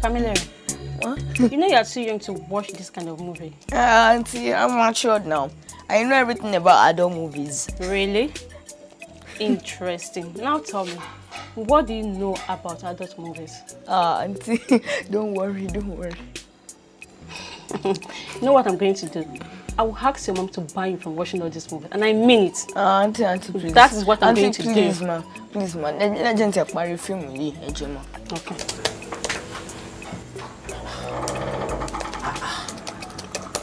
Pamela, what? you know you are too young to watch this kind of movie. Uh, auntie, I'm matured now. I know everything about adult movies. Really? Interesting. Now tell me, what do you know about adult movies? Ah, uh, auntie, don't worry, don't worry. you know what I'm going to do? I will ask your mom to ban you from watching all these movies. And I mean it. Uh, ah, auntie, auntie, please. That is what I'm auntie, going to please, do. Ma. Please, ma. Let me tell a film yìí, ẹ jẹ́ ma. Okay.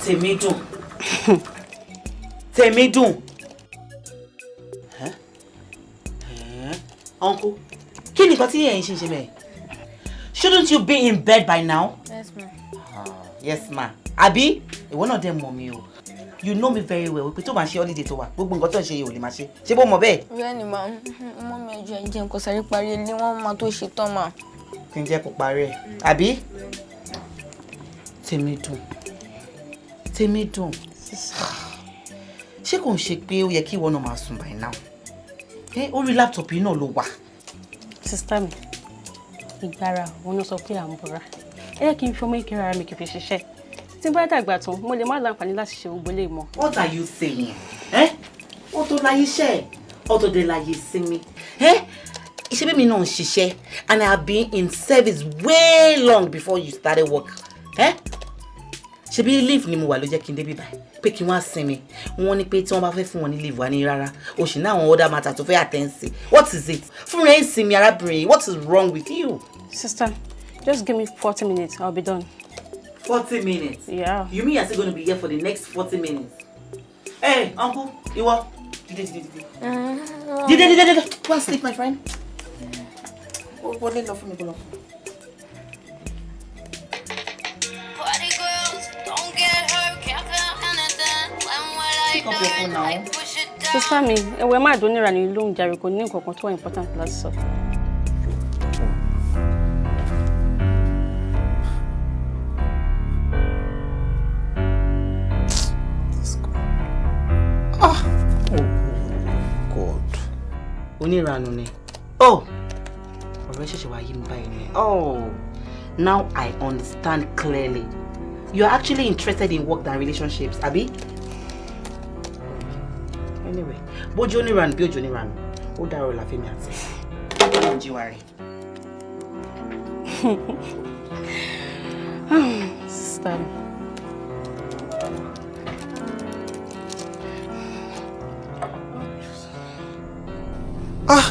Temidu. Temidu. Huh? Huh? Uncle, can you nǹkan tí ẹ̀yin ṣe ń ṣe Shouldn't you be in bed by now? Yes, ma. Uh, yes, ma. Abby, one of them, mommy. mi you know me very well wípé tó máa ṣe holiday tó wà gbogbo nǹkan tó ń ṣe yìí ò lè máa ṣe ṣé bó mọ bẹ́ẹ̀. ìyá ni màá mọ mi ẹjọ ẹjẹ nǹkan sáré parí ilé wọn máa tó ṣe tán mà. kí n jẹ́ kó parí ẹ̀ àbí. tèmi dùn tèmi dùn ṣé kò ń ṣe pé ó yẹ kí ìwọ náà máa sùn by now ẹ orí laptop yìí náà ló wà. sista mi ìgbára òun ló sọ pé à ń bọ̀ra ẹ jẹ́ kí n fi ọmọ ìkẹrẹ ara mi kì í fi ṣiṣẹ́ tí bá dàgbà tán mo lè má láǹfààní láti ṣe gbogbo eléyìí mọ́. what are you saying? ẹ ó tó láyé iṣẹ́ ẹ̀ ọ̀tọ̀ dé láyé ìsinmi ẹ iṣẹ́ bẹ́ẹ̀ mi náà ń ṣiṣẹ́ and I have been in service way long before you started work ẹ eh? ṣebí leave ni mo wà ló jẹ́ kí n débi báyìí pé kí wọ́n á sinmi wọ́n ní pé tí wọ́n bá fẹ́ fún wọn ní leave wá ní rárá o sì àwọn other matter tó fẹ́ attend what is it fún rẹ̀ ń sinmi arábìnrin what is wrong with you. sister just give me forty minutes i will be done. 40 minutes. Yeah. You mean you're still going to be here for the next 40 minutes? Hey, uncle, you what? Did it, did it, did it. Uh, did it, did it. Go and sleep, my friend. What did love for me, go now, sister. me. Sister mi, ẹ̀wẹ̀ run a long journey, lóhùn jàre kò ní nǹkan kan tó wà important place. So. oníranù ni oh ọ̀rọ̀ ṣẹ̀ṣẹ̀ wá yí mi báyìí ni oh now I understand clearly you are actually interested in work than relationships abi anyway bójú oníranù bí ojú oníranù ó dára ọ̀la fẹ́mi àti ọ̀la jíwárì. Stunning. Ah!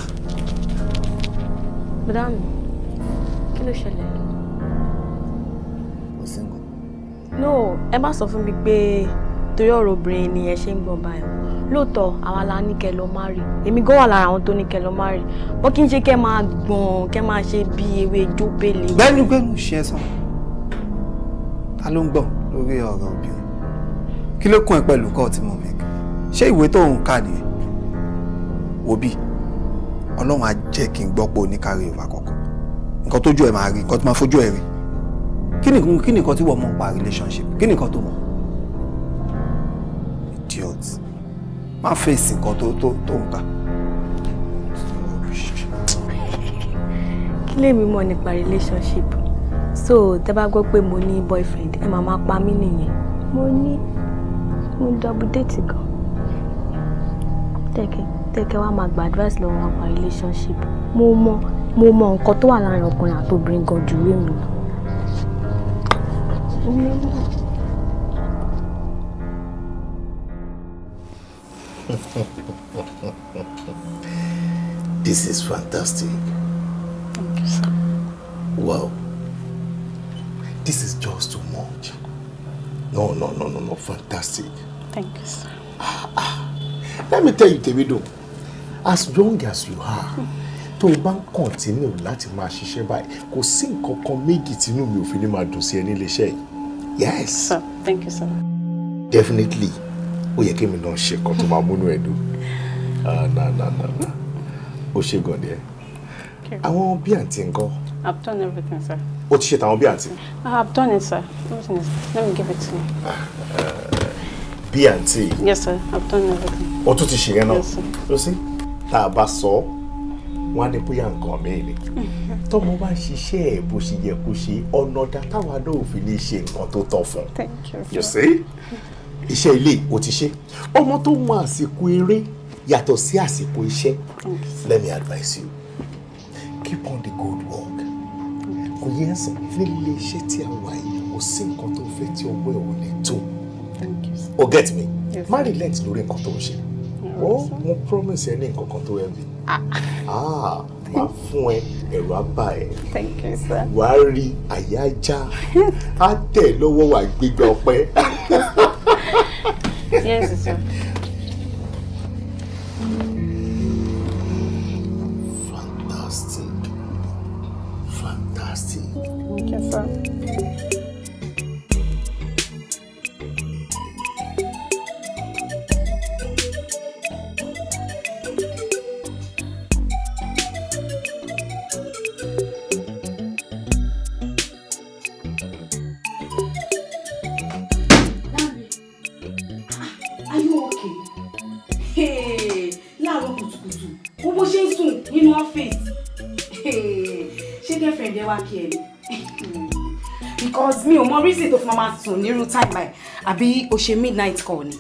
Madame, kí ló ṣẹlẹ̀? Kò sí nǹkan. No, ẹ má sọ fún mi pé torí ọ̀rọ̀ obìnrin ni ẹ ṣe ń gbọ̀n báyìí. Lóòótọ́, àwa la ní kẹ́ lọ má rí. Èmi gan wà lára àwọn tó ní kẹ́ lọ má rí. Wọ́n kì í ṣe kẹ́ máa gbọ̀n, kẹ́ máa ṣe bí ewé ijó pèlè. Gbẹ́nu gbẹ́nu ṣe é sàn. Ta ló ń gbọ̀n lórí ọ̀rọ̀ obìnrin? Kí ló kún ẹ pẹ̀lú kọ́ọ̀tì mọ̀mí? Ṣé ìwé tó ń kà ọlọ́run á jẹ́ kí n gbọ́ pé oníkàrí ìwà kọ̀ọ̀kan nǹkan tójú ẹ̀ máa rí nǹkan tó máa fojú ẹ̀ rí kí ni kí ni nǹkan tí wọ́n mọ̀ pa relationship kí ni nǹkan tó mọ̀ idiot má fèsì nǹkan tó tó tó ń kà. kí lèmi mọ̀ nípa relationship so tẹ́ bá gbọ́ pé mo ní boyfriend ẹ máa máa pa mí nìyẹn mo ní mo double date gan. Take it tẹ́kẹ́ wá máa gba advice lọ́wọ́ àgbà relationship mo mọ mo mọ nǹkan tó wà láàrin ọkùnrin àtobìnrin gan jù rí mi. This is fantastic. Wow. This is just too much. No, no, no, no, no. Fantastic. Thank you, sir. Ah, ah. Let me tell you, Davido as young as you are tó o bá ń kọ̀ntínú láti máa ṣiṣẹ́ báyìí kò sí nǹkan kan méjì tínú mi ò fi ní máa dùn sí ẹ nílé iṣẹ́ yìí yes. sir thank you sir. definitely ó yẹ kí mi náà ṣe kan tó máa múnú ẹ dùn ah, na na na na ó ṣe gan ni ẹ àwọn bí àǹtí nǹkan. I've done everything sir. o ti ṣe tàwọn bí àǹtí. Ah, I've done it sir everything is let me give it to you. Ah, eh, bí àǹtí. yes sir I've done everything. o tún ti ṣe yẹn náà. yes sir tá a bá sọ wọn á ní bóyá nǹkan míì mm-hmm. tọmọ bá ṣiṣẹ́ ẹ̀ bó ṣe yẹ kó ṣe ọ̀nà dá táwa náà fi ní ṣe nǹkan tó tọ́ fún un you see iṣẹ́ ilé ò ti ṣe ọmọ tó mọ àsìkò eré yàtọ̀ sí àsìkò iṣẹ́ let me advise you keep on the good work kò yẹ ẹ sàn nílé iṣẹ́ tí a wà yìí kò sí nǹkan tó fẹ́ tí ọwọ́ ẹ̀ ò tó o oh, get me má relent lórí nǹkan tó ń ṣe. Oh, mo promise ẹ ní nǹkan kan tó ẹ bí máa fún ẹ ẹ̀rọ abá ẹ wà á rí àyà ajá á tẹ̀ lọ́wọ́ wà gbígbà ọpẹ́. time báyìí àbí o ṣe midnight call. ni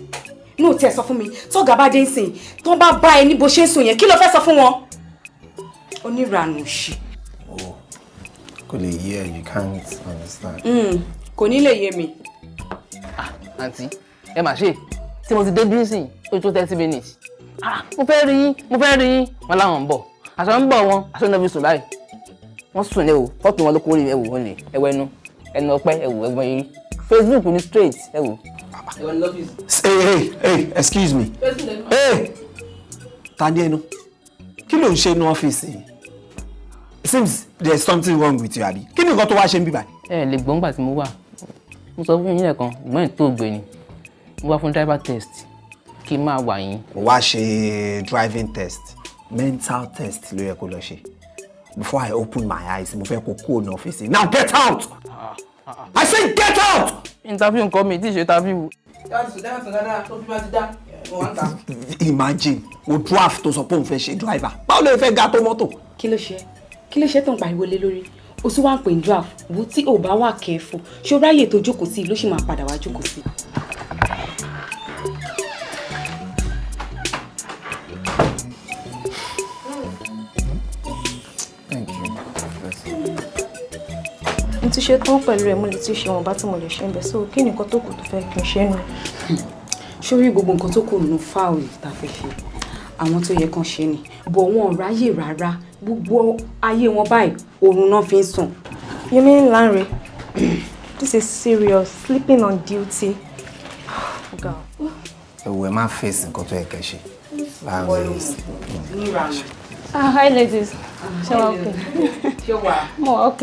inú tiẹ̀ sọ fún mi tọ́gà bá dé ń sìn tó bá bá ẹ ní bó ṣe ń sùn yẹn kí ló fẹ́ sọ fún wọn. oníranù ṣì. Oh, kò lè yé ẹ you can't understand. Hmm, kò ní lè yé mi. Ah, àǹtí ẹ mà ṣe tí mo ti dé dúró sìn ó tó thirty minutes ah, mo fẹ́ rí yín mo fẹ́ rí yín wọn láwọn ń bọ̀ àṣọ ń bọ̀ wọn àṣọ náà fi sùn báyìí wọ́n sùn lẹ́wọ̀ fọ́ọ̀tù wọn ló kórè ẹ̀wò wọn lè ẹ̀wọ̀ ẹnu ẹnu ọpẹ́ ẹ̀wò ẹ̀gbọ́n yìí facebook ni straight ẹ wò. hey hey excuse me hey ta ni ẹnu kí ló ń ṣe inú ọ́fíìsì it seems there is something wrong with you abi kí ni nǹkan tó wá ṣe ń bíbá. ẹ lè gbọ́ ńgbà tí mo wà mo sọ fún yín lẹ́ẹ̀kan ìgbọ́n ètò ògbè ni mo wá fún driver test kí n máa wà yín. mo wá ṣe driving test mental test ló yẹ kó lọ ṣe before i open my eyes mo fẹ́ kó kúrò ní ọ́fíìsì now get out. Ah. I said get out. interview nǹkan mi tíì ṣe interview. imagine we draft tó sọ pé òun driver báwo ló fẹ́ ga tó mọ́tò. kí ló ṣe kí ló ṣe tó ń pariwo lé draft wo tí o bá wà kẹ́ẹ̀fù ṣó ráyè tó jókòó sí i ló sì máa ti ṣe tán pẹ̀lú ẹ̀ mo lè ti ṣe wọn bá tí mo lè ṣe ń bẹ̀ so kí nìkan tó kù tó fẹ́ kí n ṣe nù. sórí gbogbo nǹkan tó kù nù fáwọlì tá fẹ́ ṣe àwọn tó yẹ kán ṣe ni bọ̀ wọn ráyè rárá gbogbo ayé wọn báyìí oorun náà fi ń sùn. You Lanre? This is serious. Sleeping on duty. ẹ̀wọ̀ ẹ̀ máa fèsì nǹkan tó yẹ kẹ́ ṣe. Láàrin ah, ìsìn. Ah, hi ladies. Ṣé wàá ok? Ṣé wàá? Mo ok.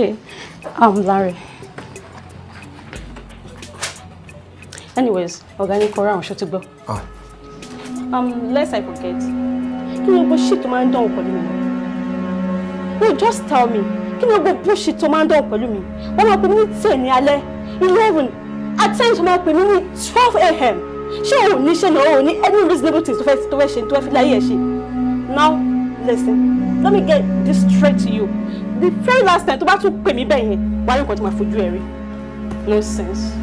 Oh, I'm Larry. Anyways, organic I'm sure to go. Ah. Um, lest I forget. You ni gbogbo shit tó máa ń dán wò No, just tell me. Kí ni go push it máa ń dán wò me. mi? Wọ́n máa pè ten ní eleven, at times wọ́n máa pè me twelve a.m. Show, o ní ṣe any reasonable thing tó fẹ́ tó fẹ́ ṣe tó Now, listen, let me get this straight to you the very last time tó bá tún pè mí bẹ́ẹ̀ yẹn wàá rí nǹkan tí màá fojú ẹ rí no sense.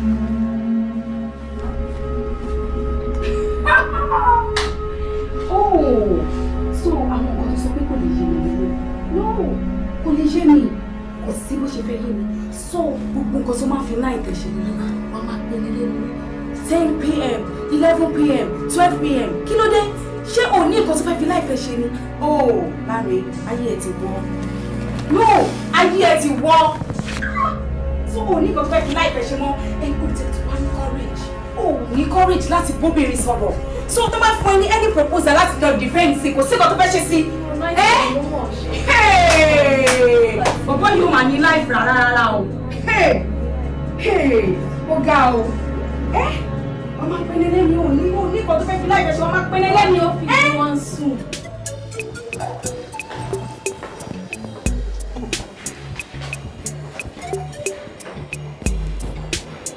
oh so àwọn kan sọ pé kò lè yé mi no kò lè yé mi kò sí bó ṣe fẹ́ yé mi so gbogbo nǹkan tó máa fi láì tẹ̀sẹ̀ nínú wọn máa pè mí lẹ́nu ten pm eleven pm twelve pm kí ló dé ṣé òní nǹkan tó fẹ́ fi láì fẹ́ ṣe ni. oh láre ayé ẹ ti bọ́ no I hear ti wọ́ so o ní kankan fi láìpẹ́ ṣe mọ́ ẹni kò tẹ̀ tó wá ní courage o ní courage láti bóbìnrin so tó bá fún ẹ any proposal láti lọ defend sí kò sí kan tó See, ṣe Hey, but bọ̀bọ̀ you man in life la la rárá rárá o ó ga o ọmọ pẹnẹlẹ mi ò ní to tó fẹ́ fi láìpẹ́ ṣe to pẹnẹlẹ mi ò fi wọn sùn.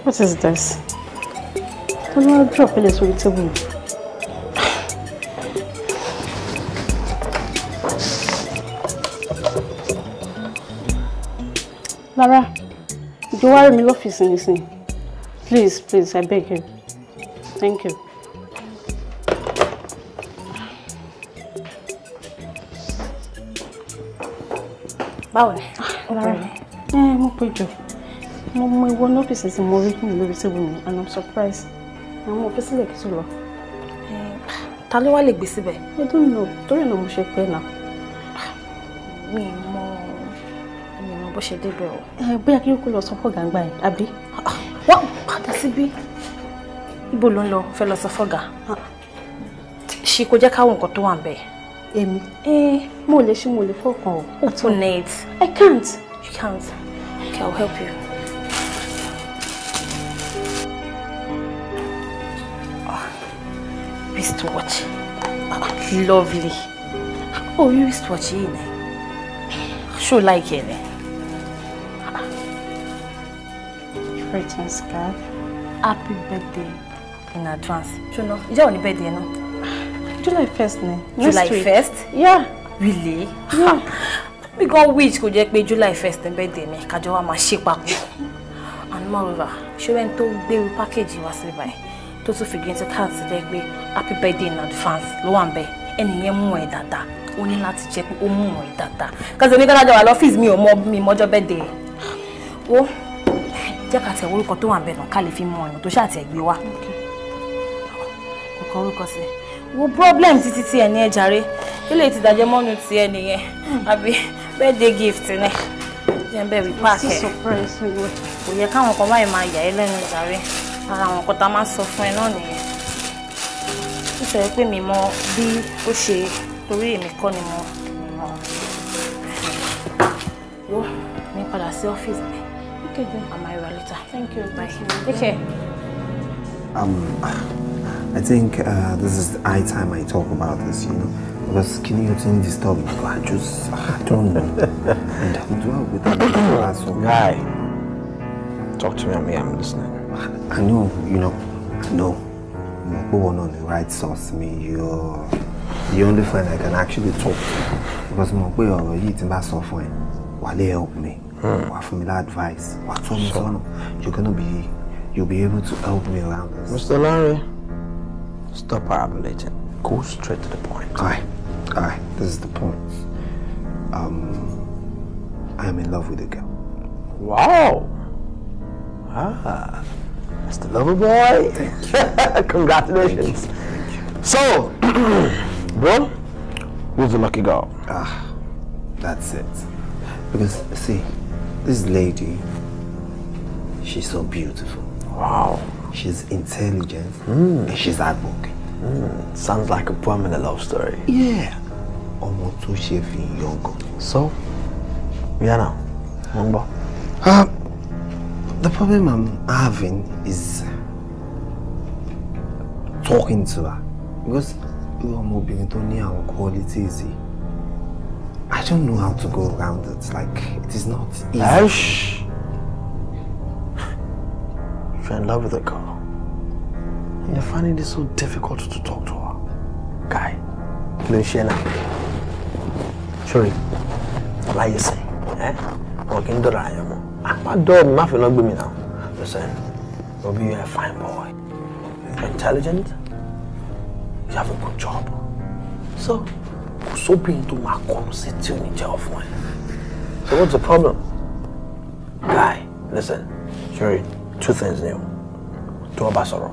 What is this? Don't know how drop it sórí me. Lara, don't worry, rí love lọ́fíìsì nísìnyí. Please, please, I beg you. Thank you. Báwo ni? Ah, Lara, ẹ eh, mo péjọ mo mọ ìwọ notice tí mo rí mi lórí table mi and i'm surprised àwọn òfin sílẹ̀ kí tó lọ. ta ló wá lè gbé síbẹ̀. i don't know torí náà mo ṣe pẹ́ náà. mi mọ mi mọ bó ṣe débẹ̀ o. bóyá kí n kú lọ sọ fọ́gà ń gbà yẹn àbí. wọ́n padà síbí ibo ló ń lọ fẹ́ lọ sọ fọ́gà ṣe kò jẹ́ káwọn nǹkan tó wà ń bẹ̀. èmi eh. mo lè ṣe mo lè fọkàn o. open it. i can't. you can't. okay i will help you. lovely. Oh, you wristwatch yìí ni. Sure, like it. ni? Return scarf. Happy birthday in advance. Sure. No. ìjẹ́ òní only birthday, no? July 1st ni. July 1st? Yeah. Really? Yeah. Mi go which kò jẹ́ pé July 1st ni birthday mi, kájọ wa máa ṣe back. And moreover, she went to the package was sí báyìí? tó tún fìdí ẹsẹ̀ káàtì rẹ pé happy birthday in advance ló wà ń bẹ ẹnìyẹn mú ẹ dáadáa ó ní láti jẹ pé ó mú ẹ dáadáa kásì omi kálájà wà lọ́fíìsì mi ò mọ mi mọ́jọ́ birthday ó jẹ́ ká tẹ orúkọ tó wà ń bẹ náà ká lè fi mọ ọ̀nà tó ṣàtẹ̀gbé wa kọ orúkọ sí wo problem títí tí ẹni ẹ jàre ilé ti dàjẹ mọnu ti ẹ nìyẹn àbí birthday gift ni jẹ́ ń bẹ̀rù páàkì ẹ̀ kò yẹ káwọn kan báyìí máa yà ẹ́ lẹ́nu jàre ara àwọn nǹkan tá a máa sọ fún ẹ náà nìyẹn nítorí pé mi mọ bí ó ṣe torí èmi kọ́ ni mo mọ wo mi padà sí ọ́fíìsì mi okay then i bye um i think uh, this is the high time i talk about this you know because can you think disturb me i just i don't know and i'm doing with that guy talk to me i'm here i'm listening. I know, you know, I know. Mo pé wọn náà ni right source mi, you're the only friend I can actually talk to. Because mo pé ọ̀rọ̀ yìí ti bá sọ fún ẹ, help me, hmm. wà fún mi lá advice, wà tọ́ mi sọ́nà. You're gonna be, you'll be able to help me around this. Mr. Larry, stop parabolating. Go straight to the point. All right, all right, this is the point. Um, I'm in love with a girl. Wow! Ah, Mr. Loverboy. Congratulations. Thank you. Thank you. So, bro, who's the lucky girl? Ah, that's it. Because, see, this lady, she's so beautiful. Wow. She's intelligent mm. and she's hardworking. Mm. Sounds like a poem in a love story. Yeah. Ọmọ tó So, yana, mo ń the problem I'm having is talking to her. Because you are more being Tony our easy. I don't know how to go around it. Like it is not easy. Ash. You're in love with a girl. And you're finding it so difficult to talk to her. Guy. Luciana. Sorry. Like you say, eh? Walking the apá dọ́ọ̀bù má not be me now. listen Robbie you a fine boy you're intelligent you have a good job so kò sóbìnrin into my kọnu sí tí ò ní jẹ́ so what's the problem guy listen Jerry. two things ni o tó o bá sọ̀rọ̀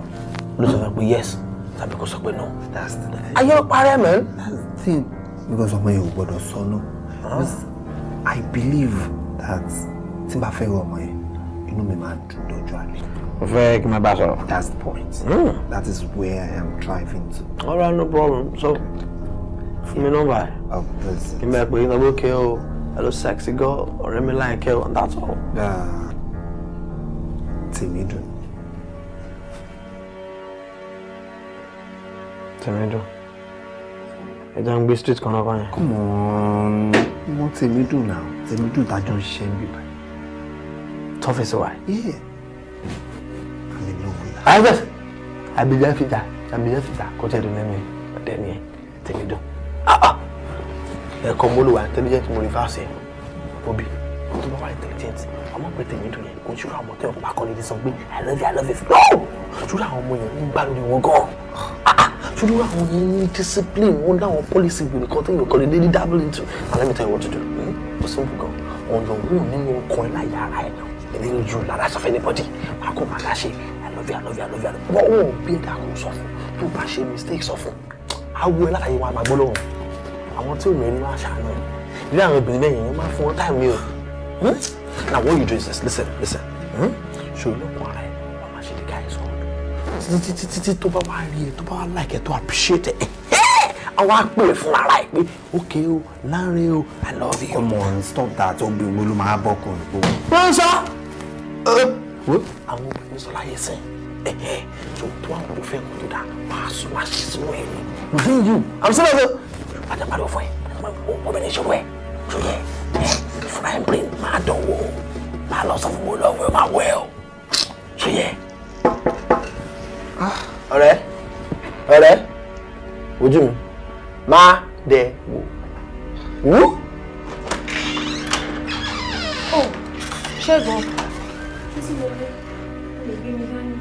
ló sọ fún mi yes tàbí because sọ pé no. that's the thing. ayé parẹ́ mẹ́. that's the thing. because of my ò gbọ́dọ̀ sọ no. I believe that tí n bá fẹ́ rọ ọmọ yẹn inú mi máa dùn lọ́jọ́ àlẹ́. o fẹ́ kí n máa bá a sọ̀rọ̀. that's the point. Mm. that is where I am driving to. all right no problem so fún mi nọ́mbà oh, kí n bá pè é lọ́gbọ́n kẹ́ o hello sexy girl ọ̀rẹ́ mi láì kẹ́ o and that's all. tèmi dùn. tèmi dùn ẹja ń gbé street kan náà báyìí. come on mo tèmi dùn náà tèmi dùn tájọ ń ṣe ń bíbá office why? Yeah. I'm in love with her. I just, I be there for that. I be there for that. Kò tẹ́ dùn ah, ah. lẹ́nu ẹ̀ tẹ́ ni ẹ̀ tẹ́mi dùn. Ẹ̀kọ́ mo lò wá intelligent mo lè fà ṣe Bobby. Mo tó bá I'm not going to tèmi dùn yẹn kò ṣúra ọmọ tẹ́ ọ̀pá kan nídìí sọ pé I love you I love you. No! Ṣúra àwọn ọmọ yẹn ń gbá go. Ah ah. an Ṣúra àwọn yẹn ní discipline wọn láwọn policy gbèrè kan to ọ̀kan lè dé ní dábìlì And let me tell you what to do. What's hmm? Ó simple gan. Ọ̀nà òun nínú ọkàn ẹ̀ láyà ara ẹ̀ èmi ń ju lára sọ fún anybody máa kó máa láṣẹ i love you i love you i love you wọ́n ò bí ẹ̀dá kò sọ fún tó bá ṣe mistake sọ fún awo ẹ látàyè wa máa gbọ́ lọ́wọ́ àwọn tí ò mẹ́rin máa ṣàánú ẹ̀ ilé àwọn obìnrin lẹ́yìn yẹn máa fún wọn táì mi o hmm? now what you do is this listen listen hmm? ṣòro lọ́kùn ara ẹ̀ wọ́n máa ṣe the guy is good títí títí tí tó bá wá rí ẹ tó bá wá like ẹ tó appreciate ẹ àwọn apè fún ara ẹ pé ok o láàrin o i love you. come on stop that obìnrin ló máa bọkùnrin gbogbo. wọ́n sọ àwọn obìnrin sọ láyé sìn tó tó àwọn kò fẹ́ kó dà máa sún wá sí sínú ẹ̀ ni. within you i'm serious o. ọ̀fọ̀ ẹ̀ obìnrin ṣòro ẹ̀ ṣòro ẹ̀ frying pan máa dán wò ó máa lọ sọ fún mi ẹ̀ máa wọ̀ ẹ̀ o ṣe ah, ọ̀rẹ́ ọ̀rẹ́ ojú mi máa dẹ̀ wò. Oh, ṣẹ́gun. Sísí wo lé? O lè gbé mi dání.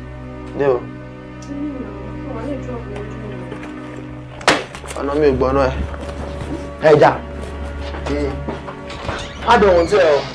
Ọ̀nà mi ò gbọ́nà ẹ̀. Ẹja. Má dùn tí ẹ o.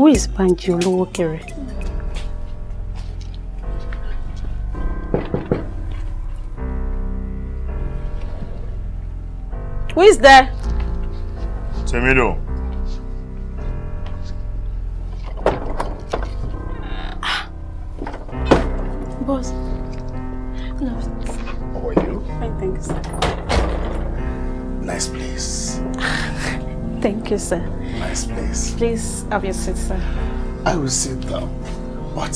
Who is Banji Olowokere? Who is there? Temido. Boss. No. How are you? Fine, thank Nice place. thank you, sir. Please have your seat, sir. I will sit down. But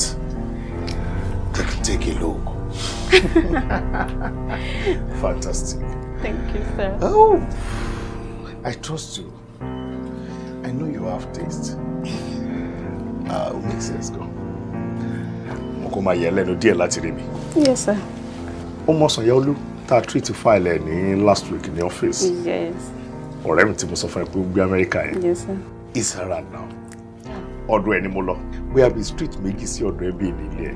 take, take a look. Fantastic. Thank you, sir. Oh, I trust you. I know you have taste. Ah, uh, it makes go. Mokoma yele no yẹ lẹ́nu díẹ̀ Yes, sir. Ó mọ̀ sàn that tá a file any last week in the office. Yes. Ọ̀rẹ́ everything tí mo sọ fún ẹ pé ó Yes, sir. Isara now ọ̀dọ̀ ẹ̀ ni mo lọ bóyá bíi street méjì sí ọ̀dọ̀ ẹbí mi ilé ẹ̀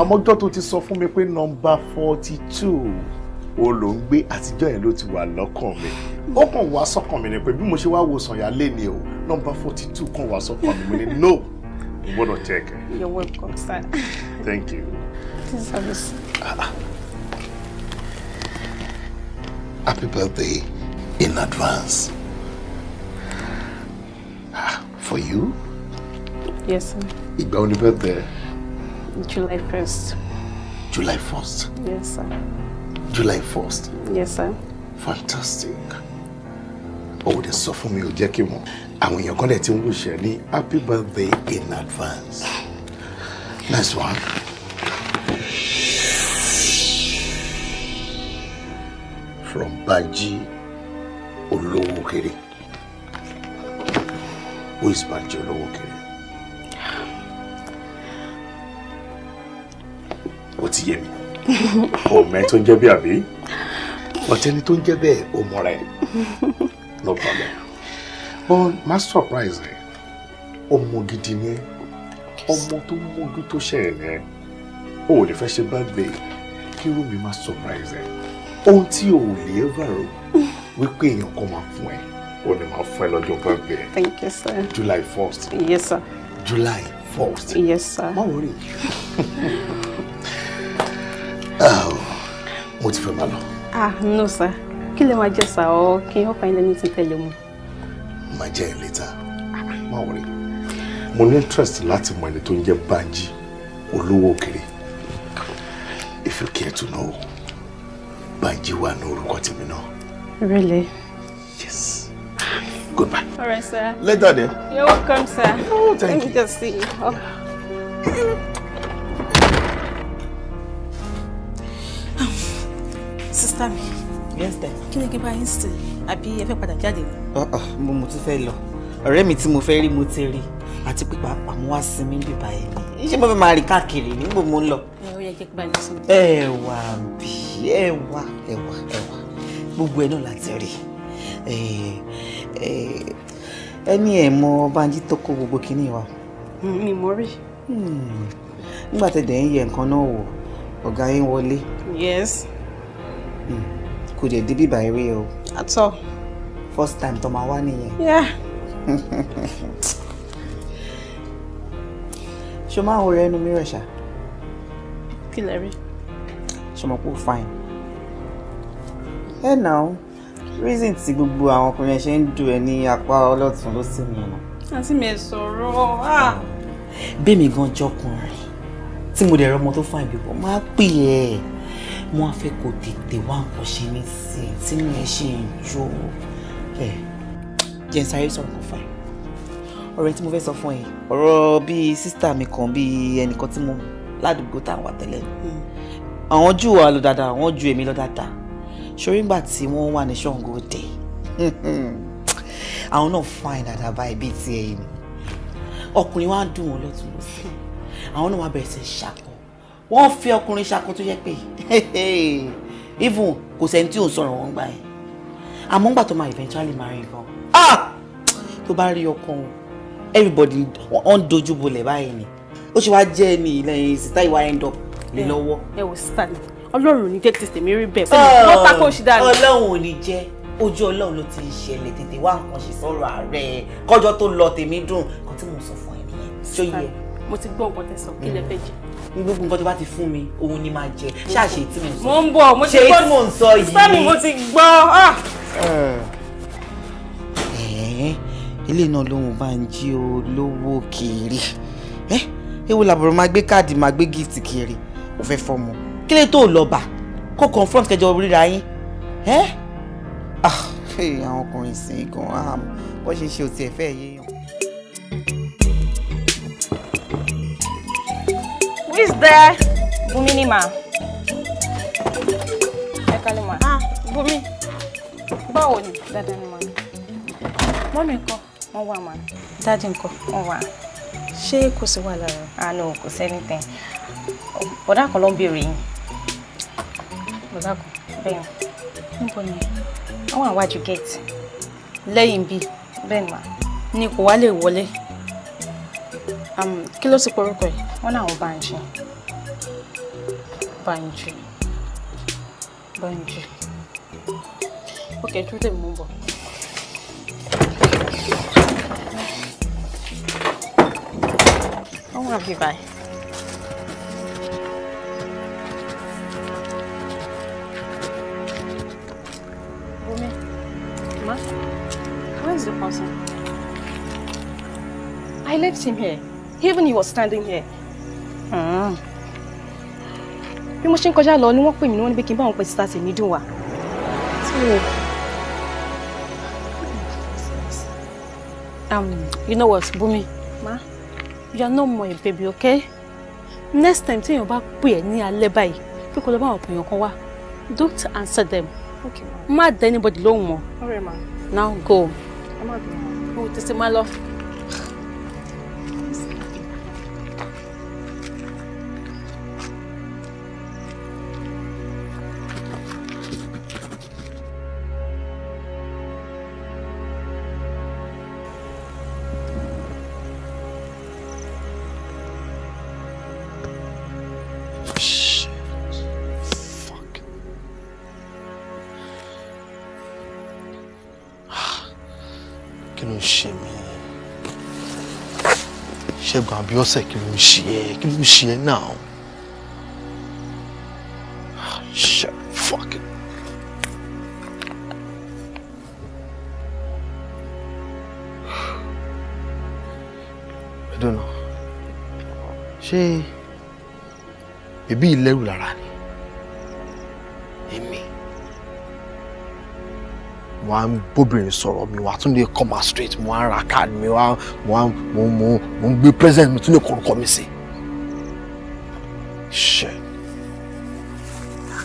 àmọ́jọ́ tó ti sọ fún mi pé nọmba forty two o ló ń gbé àtijọ́ yẹn ló ti wà lọ́kàn mi ó kàn wá sọ́kàn mi ni pé bí mo ṣe wá wo Sànyà lẹ́ni o nọmba forty two kàn wá sọ́kàn mi ni no you gbọ́dọ̀ check ẹ̀. You're welcome sir. Thank you. Please have a seat. Happy birthday in advance. For you? Yes, sir. Ìgbà wo birthday? July 1st. July 1st? Yes, sir. July 1st? Yes, sir. Fantastic. Oh, they suffer me, mi, ó jẹ́ kí n mọ̀. tell èèyàn kan happy birthday in advance. Nice one. From Banji Olówókéré. O ì bá jẹ olówó O ó ti yé O ó mọ ẹni tó o jẹ́ bí àbí ọ̀tẹ́ni tó ń jẹ́ bẹ́ẹ̀ ó mọ̀ra ẹ̀ no problem but má surprise ẹ̀ ọmọ gidi ni ẹ́ ọmọ tó mójú o ò lè fẹ́ ṣe birthday kí Rúmi má surprise ẹ̀ ohun o ò lè ever rò wípé èèyàn kan ó ní máa fún ẹ lọ́jọ́ birthday thank you sir. july first. yes sir. july first. yes sir. má wọrí. Um, mo ti fẹ́ máa lọ. ah no sir kí lè máa jẹ sà ọ kí ọkàn yín lẹ́nu ti tẹ̀lé mu. máa jẹ́ ẹ̀ létà má wọrí. mo ní interest láti mọ ẹni tó ń jẹ́ Banji olówó òkèrè if you care to know Banji wà ní orúkọ tèmi náà. really. yes. Goodbye. All right, sir. Later then. You're welcome, sir. Oh, thank Let you. Let me just see. Oh. Um, sister mi. Yes, dear. Kí ni kí n bá yín sè? Àbí ẹ fẹ́ padà jáde? Uh-uh, mo mo tún fẹ́ lọ. Ọ̀rẹ́ mi tí mo fẹ́ rí mo ti rí. Àti pé pàápàá mo wá sinmi bíbá ẹ̀ ni. Ṣé mo be máa rìn káàkiri níbo mo ń Eh, Ẹ ó yẹ kí Eh, bá yín sùn. Ẹ wà bí ẹ wà ẹ wà ẹ wà. Gbogbo Eh, ẹni ẹ̀ mọ ọba tó kó gbogbo kínní wa. Hmm, mi mọ rí. Hmm, nígbà tí ń yẹ nǹkan náà wò ọ̀gá yín wọlé. yes. Hmm, kò o. first time tó máa wá nìyẹn. ṣo máa ń wo ṣá. kí lè ẹ nà ó. reason tí gbogbo àwọn ọkùnrin ṣe ń dùn ẹ ní apá ọlọ́tún ló sì mìíràn. àti mi ẹ sọ̀rọ̀ á. Ah. Ah. bẹ́ẹ̀mi gan jọkùnrin tí mo dẹ̀ rọ ọmọ tó fún àgbẹ̀bọ̀ máa pè ẹ́ mo á fẹ́ kó tètè wá nǹkan ṣe ní sí i tí mo ẹ ṣe ń jó ẹ jẹ́ sáré sọ̀rọ̀ kan fún ẹ ọ̀rẹ́ tí mo fẹ́ sọ fún ẹ ọ̀rọ̀ bíi sísítà mi kan bíi ẹnìkan tí mo ládùúgbò táwọn wà tẹ́lẹ̀ hmm. àwọn jù wà lọ dáadáa àwọn jù èmi lọ dáadáa ṣorí ngbà tí wọ́n wà ní Ṣàngó dé àwọn náà fine àdàbà ibi tí ẹ̀yìn ni ọkùnrin wa ń dùn wọ́n lọ́tún lọ́sí àwọn náà wà bẹ̀rẹ̀ sí ṣàkó wọ́n fi ọkùnrin ṣàkó tó yẹ pé even kò sẹ́ni tí ò ń sọ̀rọ̀ wọn gbà yẹn àmọ́ ngbà tó máa eventually marry gan ah! tó bá rí ọkọ wọn everybody ọ̀ ń dojú bolẹ̀ báyìí ni ó ṣe wá jẹ́ ẹni ìlẹ́yìn sítá ìwà end up lè lọ́wọ́. ẹ wò sítá yìí ọlọ́run ò ní jẹ́ tètè mi rí bẹ́ẹ̀ sẹ́mi wọ́n pákó ṣì dáa. ò ní jẹ́ ojú ọlọ́run ló ti ṣẹlẹ̀ tètè wá nǹkan ṣe sọ̀rọ̀ ààrẹ kọjọ́ tó lọ tèmi dùn kan tí mo sọ fún ẹ nìyẹn ṣó yẹ. mo ti gbọ́ nǹkan tẹ̀sán kí lẹ mm. fẹ́ jẹ. ní gbogbo nǹkan tó bá ti fún mi òun ni máa jẹ ṣáàṣe tí mo sọ. mo ń bọ̀ mo ti gbọ́ ṣe tí mo ń sọ yìí. sẹ́mi mo ti gbọ́. ilé ah! náà lòun bá ń jí olówó kiri ẹ ewu làbọ̀rọ̀ máa gbé káàdì máa gbé gíìtì kiri ò fẹ́ fọ́ mu kílẹ̀ tó lọ bà kó confront kẹjọ ríra yín ẹ́ ah. àwọn ọkùnrin sí gan bó ṣe ṣe òtí ẹ̀fẹ́ yéèyàn. who is there? Bùnmi ni ma. ẹ kálẹ̀ ma. Ah, Bùnmi báwo ni dáadáa ni ma. mọ́mí ńkọ́ wọ́n wà ma. dáàdì ńkọ́ wọ́n wà. ṣé kò sí wàhálà rẹ. àná ah, kò sẹ́ni tẹ̀ ọ̀dà kan ló ń béèrè yín bàbá kan bẹ́ẹ̀ ni níbo ni àwọn àwájú gẹ̀ẹ́tì lẹ́yìn bíi bẹ́ẹ̀ ni mà ni kò wá lè wọlé um, kí ló ti porúkọ ẹ̀ wọ́n náà wọ́n Bánjí Bánjí Bánjí ok dúró dè mú bọ̀. wọ́n wà bí Mama. Where is the person? I left him here. Even he was standing here. Hmm. Bí You ṣe ń kọjá lọ ni wọ́n pè mí ní wọ́n ní pé kí n bá wọn pè sísá sí ní dùn wá. Um, you know what, Bumi? Ma? You are no more a baby, okay? Next time tí your bá pè ẹ́ near alẹ́ báyìí, pé kó lọ bá àwọn èèyàn kan wá, don't answer them. Okay, ma. Má anybody long mọ́. All right, ma. Now go. Ẹ má Oh, this is my love. ṣẹ́gun àbíọ́sẹ̀ kí ló ń ṣe ẹ́ kí ló ń ṣe ẹ́ náà. Shit, fuck it. I don't know. Ṣé ẹbí ìlẹ́rù ni? mo wá ń bóbìnrin sọ̀rọ̀ mi wá tún lè kọ́ máa straight mo wá ń ra card mi wá mo wá mo mo mo ń gbé present mi tún lè kọ́kọ́ mi sí. shit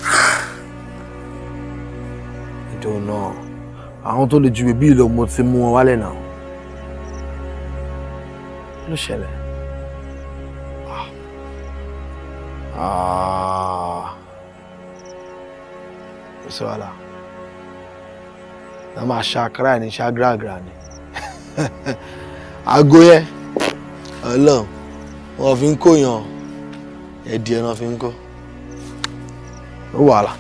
I don't know àwọn tó lè ju bèbí lọ mo ti mú wọn wálẹ̀ náà ló ṣẹlẹ̀ ah ah kò sí wàhálà náà máa ṣàkárà ní ṣàgàràgàrà ni aago yẹn Ọlọ́run wọn fi ń kó yan ẹdí ẹ náà fi ń kó wàhálà.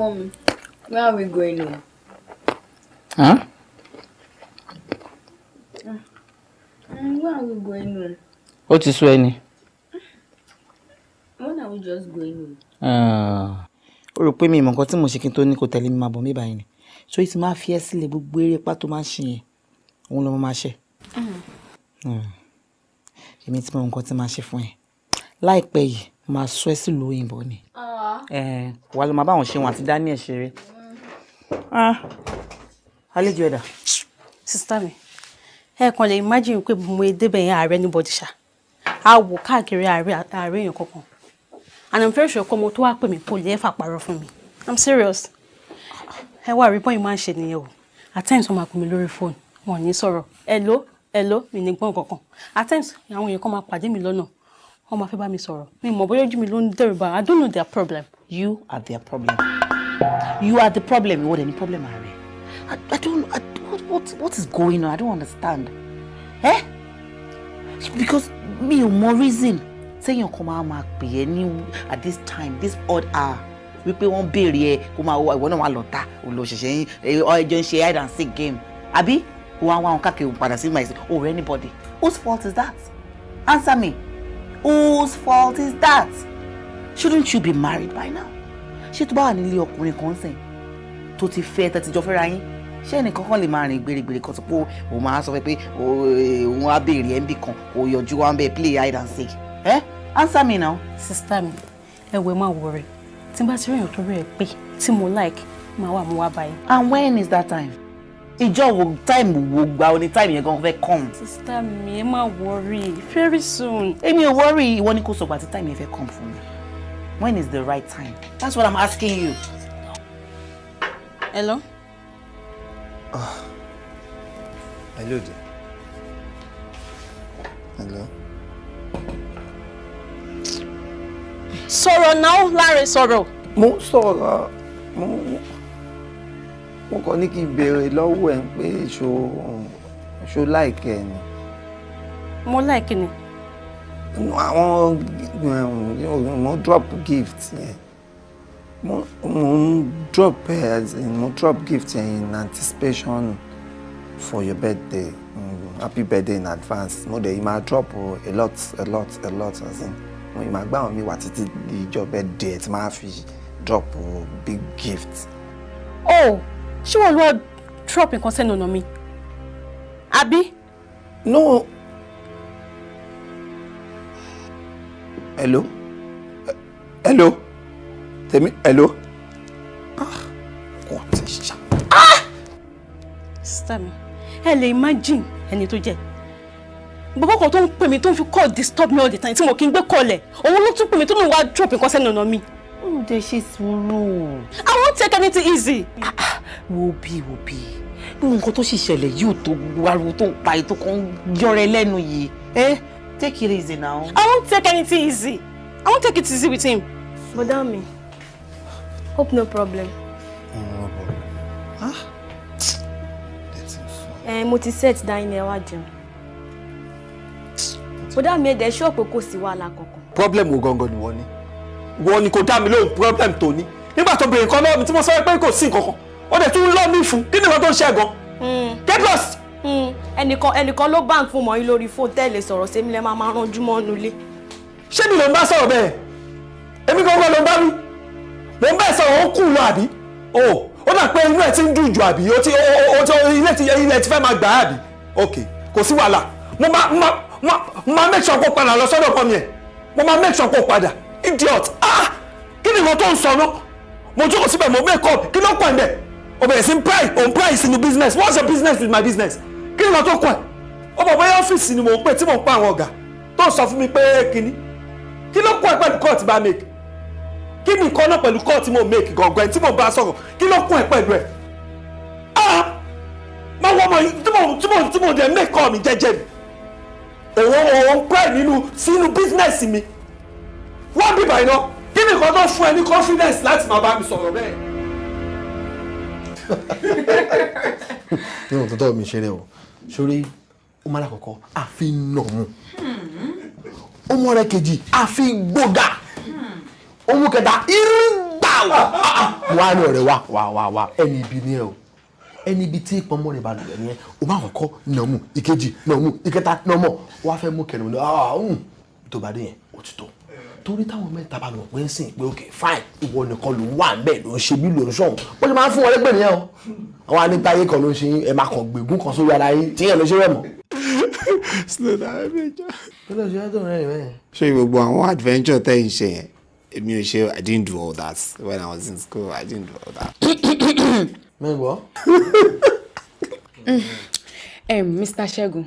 mommy, where are we going now? Huh? Mm, where are we going now? Ó ti sú When are we just going home? Ah. Ó rò pé mi mọ nǹkan tí mo ṣe kin tó ní kó tẹ̀lé mi máa bọ̀ mi báyìí So iti máa fi le sílẹ̀ gbogbo eré pa tó máa ṣe yẹn. Òun ló máa ṣe. Mm. Mm. Èmi ti mọ nǹkan tí máa ṣe fún ẹ. Láìpẹ́ yìí máa sọ ẹ́ sílùú òyìnbó ni ah. eh, wà ló máa bá àwọn ṣeun àti Daniel ṣeré ah, àlejò ẹ̀dá. sista mi ẹ kàn lè imagine pé mo débẹ̀ yẹn ààrẹ ní bọ́díṣà a wò káàkiri ààrẹ èèyàn kankan and i'm very sure pé ọmọ tó wá pè mí kò lè fà parọ́ fún mi i'm serious ẹ wá rí bọ́yìn máa ń ṣe nìyẹn o at times wọ́n máa pè mí lórí fóònù wọn ò ní sọ̀rọ̀ hello hello mi ní gbọ́n kankan at times àwọn èèyàn kan máa pàdé mi lọ́nà wọ́n máa fẹ́ bá mi sọ̀rọ̀ mi mọ̀ bóyá ojú mi ló ń dẹ̀rù bá I don't know their problem. you are their problem you are the problem ìwọ dẹ̀ ni problem are? I, I don't I, what, what, what is going on I don't understand eh? because mi ò mọ reason téèyàn kan máa máa pè é ní at this time this odd hour wípé wọ́n béèrè ẹ kó máa wọ ìwọ náà máa lọ ta olùṣẹ̀ṣẹ̀ yín ẹjọ́ ń ṣe hide and seek game àbí wọ́n á wá wọn káàkiri padà sí my or oh, anybody whose fault is that answer me. Whose fault is that? Shouldn't you be married by now? Ṣé tó bá wà nílé ọkùnrin kan sẹ́yìn tó ti fẹ́ tẹ́tijọ́ fẹ́ra yín? Ṣé ẹnìkan kan lè máa rìn gbèrègbèrè kan tó pé òun máa sọ pé òun á béèrè ẹ̀ ń bì kan kò yọjú wa ń bẹ play hide and seek? Ẹ́ answer me now. Sista mi, ẹ wẹ̀ máa wọ̀ rẹ̀. Tí n bá ti rí èèyàn tó rẹ̀ pé tí mo like, màá wà mú wá báyìí. And when is that time? ìjọ wo time wo gba o time yẹn gan fẹ́ come. sista mi ẹ má worry very soon. èmi ò worry ìwọ ni kò sọ̀gbà tí time yẹn fẹ́ come fún mi when is the right time that's what i'm asking you. hello. Oh. hello there. hello. sọ̀rọ̀ náà láre sọ̀rọ̀. mo sọ̀rọ̀ mo mo kàn ní kí n béèrè lọ́wọ́ ẹ̀ pé ṣo láìkẹ́ ni. mo láìkí ni. àwọn mo drop gift yẹn mo ń drop mo drop gift yẹn in anticipation for your birthday happy birthday in advance mo dey ma drop a lot a lot a lot as mo yìí máa gbá àwọn mi wà títí di ìjọ birthday tí máa fi drop big gift. oh ṣé wọn lọ drop nǹkan sẹ́nu ọ̀nà mi àbí. no hello hello tèmi hello ah kò tí ì ṣá. Ah! sista ẹ lè imagine ẹni tó jẹ́ bàbá kan tó ń pè mí tó ń fi call disturb me all the time tí mo kì í gbé call ẹ̀ òun ló tún pè mí tó ń wá drop nǹkan sẹ́nu ọ̀nà mi o dẹ̀ ṣe I won't take anything easy. Will be, will be. gbogbo nǹkan tó sì ṣẹlẹ̀ yìí ò tó ariwo tó ń pa ètò kan yọrẹ lẹ́nu yìí. ẹ eh, take it easy now. I won't take anything easy. I won't take it easy with him. Bọ̀dá mi, hope no problem. Oh, no problem. Huh? Ah. Eh, mo ti set dine ẹ wá jẹun. Bọ̀dá mi ẹ̀dẹ̀ ṣọ́ọ̀pù kò sí wàhálà kankan. Problem wo gangan ni wọ́n ní? wọ́n ni kò dá mi lóhùn problem tó ní nígbà tó bèrè nǹkan lọ́wọ́ mi tí mo sọ pé kò sí nǹkan kan ó dẹ̀ tún lọ́ mí fún kí ni nǹkan tó ń ṣe gan. Hmm. get lost. Hmm. ẹnìkan ẹnìkan ló bank fún mọ́ yín lórí fóònù tẹ́lẹ̀ sọ̀rọ̀ sí mi lẹ́ máa máa ránjú mọ́ nulẹ̀. ṣé mi ló ń bá sọ̀rọ̀ bẹ́ẹ̀ èmi kankan ló ń bá mi mò ń bẹ́ẹ̀ sọ̀rọ̀ ó kù lọ àbí o ó dà pé inú ẹ̀ ti ń dùn jù àbí ilé ti fẹ́ máa gbà á àbí ok kò sí wàhálà mo máa make sure kó padà lọ sọ́dọ̀ ọkọ mi ẹ̀ mo máa make sure kó padà idiot ah Kini ni nǹkan tó ń sọ náà mo jókòó síbẹ̀ mo make up kí ló pọ̀ ẹ̀ o bẹ̀rẹ̀ sí price on price in the business what's your business with my business Kini ni nǹkan tó pọ̀ ẹ̀ o bọ̀ bóyá ọ́fíìsì ni mò ń pè tí mò ń pa àwọn ọ̀gá tó ń sọ fún mi pé kíní kí ló pọ̀ ẹ̀ court ba make Kini ni nǹkan náà court mo make gangan tí mo bá sọ̀rọ̀ kí ló pọ̀ ẹ̀ pẹ̀lú ẹ̀ ah máa wọ́n mọ̀ tí mo tí mo tí mo dẹ̀ make up mi jẹ́jẹ́ mi òun òun pẹ́ nínú sínú business mi wọ́n bìbà iná kí ni nǹkan tó fún ẹ ní confidence láti máa bá mi sọ̀rọ̀ bẹ́ẹ̀. nínú tọ́tọ́ mi ṣeré o sórí ó máa lákọ̀ọ́kọ́ àfi mu. ó mú ọ̀rẹ́ kejì àfi gbóga ó mú kẹta irú gbà wá ní ọ̀rẹ́ wa wá wá wá ẹni ibi ni ẹ o ẹni ibi tí ìpamọ́ rẹ̀ bá lùyẹ̀ nìyẹn o máa kọ́kọ́ nàmú ìkejì nàmú ìkẹta nàmọ́ wá fẹ́ mú kẹrin lọ ah, hmm. tó bá dé yẹn ó ti tó torí táwọn mẹ́ta bá lọ pé ń sìn pé ok fine ìwọ nìkan ló wà ń bẹ̀ ló ń ṣe bí ló ń ṣọ̀hún wọ́n ti máa ń fún wọn lẹ́gbẹ̀ẹ́ nìyẹn o àwọn anítayé kan ló ń ṣe ẹ máa kàn gbègún kan sórí ara yín tíyẹn ló ṣe rẹ̀ mọ́. ṣé gbogbo àwọn adventure tẹ́ ń ṣe yẹn èmi ò ṣe I didn't do all that when I was in school I didn't do all that. mẹ́gbọ́. Mr. Ṣẹ́gun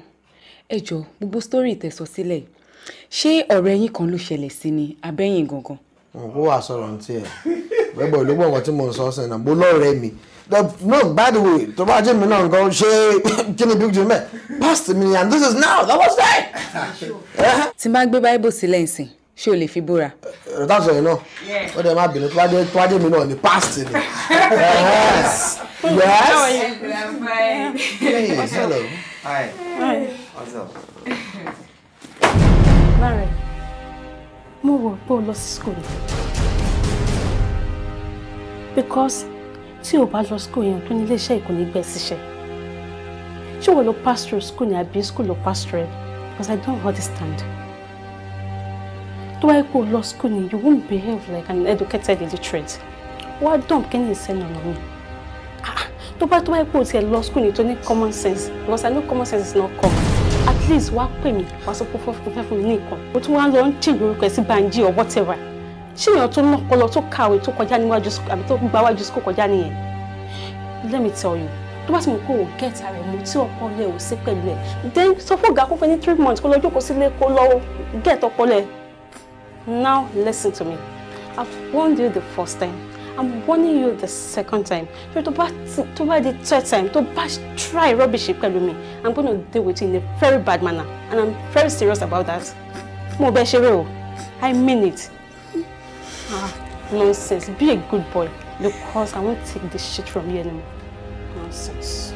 ẹ jọ gbogbo story ìtẹ̀sọ̀ sílẹ̀ yìí ṣé ọ̀rẹ́ yín kan ló ṣẹlẹ̀ sí ni abẹ́yìn gangan. kó wàá sọ̀rọ̀ ní tiẹ̀ gbẹ́gbẹ́ ló mọ̀ nǹkan tí mo sọ sẹ́yìn náà mo lọ́ọ̀rẹ́ mi no by the way tó bá jẹ́ mi náà gan ṣé kí ni bíbí mẹ́ past me and this is now that was then tí máa gbé báíbù sílẹ̀ ǹsìn ṣé o lè fi búra. ẹ̀rọ táwọn sọ̀rọ̀ náà ó dẹ̀ má bínú tó bá jẹ́ mi náà ni past ni. yes. yes. Láre, mo rò pé o lọ sí school Because tí o bá lọ school yẹn tó ní iléeṣẹ́ ìkò ní gbẹ́ síṣẹ́. Ṣé wọ́n lọ pass through school ni àbí school lọ pass through Because I don't understand. Tó wáyé pé o school ni you won't behave like an educated illiterate. What dump can you send on me? Ah, bá tó wáyé pé o tiẹ̀ lọ school ni tó ní common sense because I know common sense is not common at least wá pè mí wá sọ pé fún fún fún mi ní nǹkan mo tún wá lọ ń tìlú orúkọ ẹ sí Banji or whatever ṣéèyàn tó lọ́pọlọ tó kàwé tó kọjá níwájú àbí tó gba wájú sùkò kọjá nìyẹn let me tell you tó bá ti mọ̀ pé òun kẹta rẹ̀ mo tí ọkọ rẹ̀ ò sí pẹ̀lú ẹ̀ then sọ fún ọ̀gá kó fẹ́ ní three months kó lọ jókòó sílé kó lọ get ọpọlọ ẹ̀ now listen to me I warned you the first time I'm warning you the second time. So tó bá tó the third time, to bá try rubbish pẹ̀lú me. I'm gonna deal with you in a very bad manner and I'm very serious about that. Mo bẹ I mean it. Ah, nonsense, be a good boy because I won't take this shit from you anymore. Nonsense.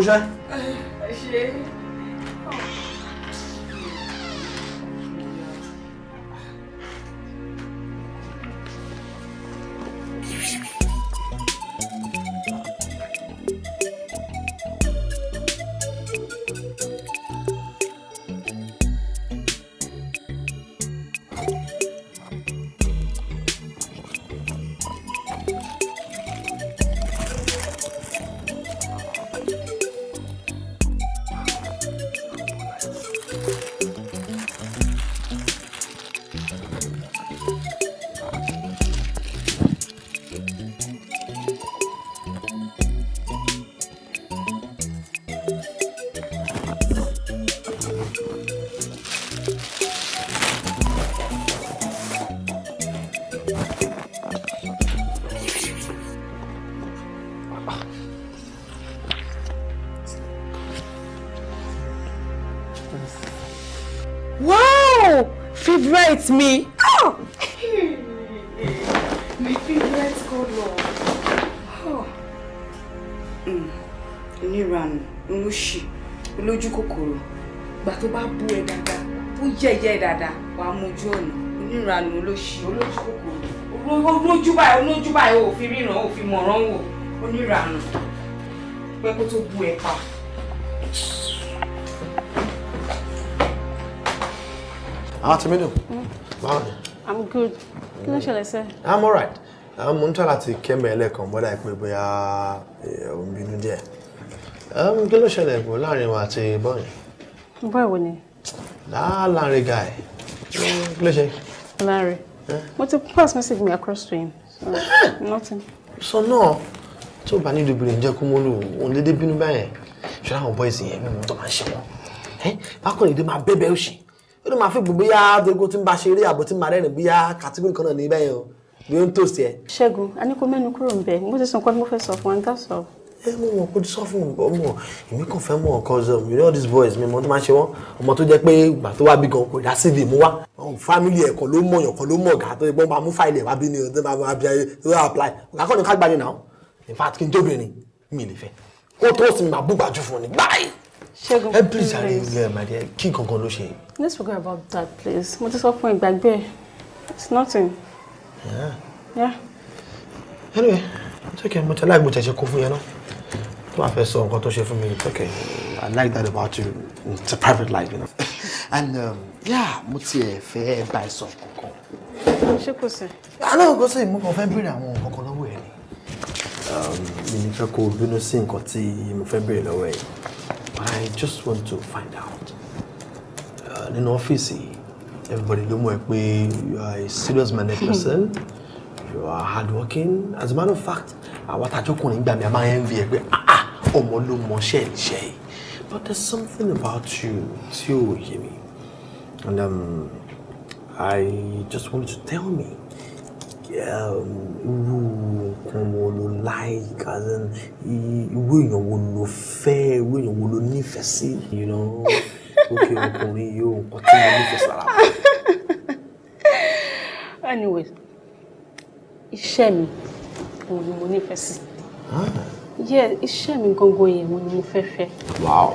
Hoca Tuminu. Mm. Báwo ni? I'm good. Kí ló ṣẹlẹ̀ sẹ́? I'm alright. Mo ń tọ́ láti kẹ́mẹ̀ ẹlẹ́kan bọ́dà ìpè bóyá eh, òun bínú díẹ̀. Um, kí ló ṣẹlẹ̀ bò láàrin wa àti bọ́ọ̀yìn? Bọ́ọ̀ wo ni? Ah, Larry guy. Kí ló ṣe? Larry. What's eh? the pass message me across to him. So, nothing. So náà tó bá nílùú obìnrin jẹ́ kó mọ́lù òun lédè bínú báyẹn. Ṣé àwọn boys yẹn mímú tó máa ń ṣe wọn? Eh? Bákan ìdè máa bẹ́bẹ̀ òṣì ó ní màá fi gbò bóyá dogo tí ń bá ṣeré àbò tí ń máa rẹ́rìn bóyá kàtígórì kan náà ní bẹ́ẹ̀ o bí ó ń tòsí ẹ. ṣẹ́gun a ní kó mẹ́nu kúrò ń bẹ̀ bó ti sùn kọ́ bí mo fẹ́ sọ fún wọn that's all. ẹ mú wọn kó sọ fún ọmọ èmi kàn fẹ́ mọ̀ ọ̀kan ọ̀zọ you know these boys mi mọ tó máa ń ṣe wọ́n ọmọ tó jẹ́ pé ìgbà tó wá bí gan kò dá sí ibi mú wá àwọn fámìlì ẹ̀kọ́ ló mọ̀ ọ̀kan ló mọ̀ ọ̀gá tó yẹ pé wọ́n máa mú fáìlì ẹ̀ wá bí ni ọ̀dọ́ Ṣẹ́gun, hey, please, please. Are you, my dear. Kí gangan ló ṣe. Let's forget about that, please. Mo ti sọ fún ìgbàgbé. It's nothing. Yeah. Yeah. Anyway, it's okay. Mo ti like bó ti ṣe kó fún yẹn náà. Tó bá fẹ́ sọ nǹkan tó ṣe fún mi, it's okay. I like that about you. It's a private life, you know. And um, yeah, mo ti ẹ̀ fẹ́ bá ẹ sọ kankan. Ṣé kò sí? Àná kò sí, mo kàn fẹ́ béèrè àwọn nǹkan kan lọ́wọ́ ẹ̀ ni. Um, mi ní fẹ́ kó bínú sí nǹkan tí mo fẹ́ béèrè lọ́wọ́ ẹ̀ I just want to find out uh, nínú ọ́fíìsì everybody ló mọ̀ ẹ́ pé you are a serious minded person you are hardworking as a matter of fact àwọn àtàjọkùnrin talk mí a máa my envy ẹ pé ah, ah ọmọ my mọṣẹ́ ìṣe but there's something about you tí ò yé mi and um, I just want you to tell me irú nǹkan wo lo like as in irú èèyàn wo lo fẹ́ irú èèyàn wo lo nífẹ̀ẹ́ sí you know ókè ọkùnrin yóò nǹkan tí mo nífẹ̀ẹ́ sára. anyway iṣẹ́ mi òun ni mo nífẹ̀ẹ́ sí. Ah. yeah iṣẹ́ mi gangan yẹn òun ni mo fẹ́ fẹ́. wow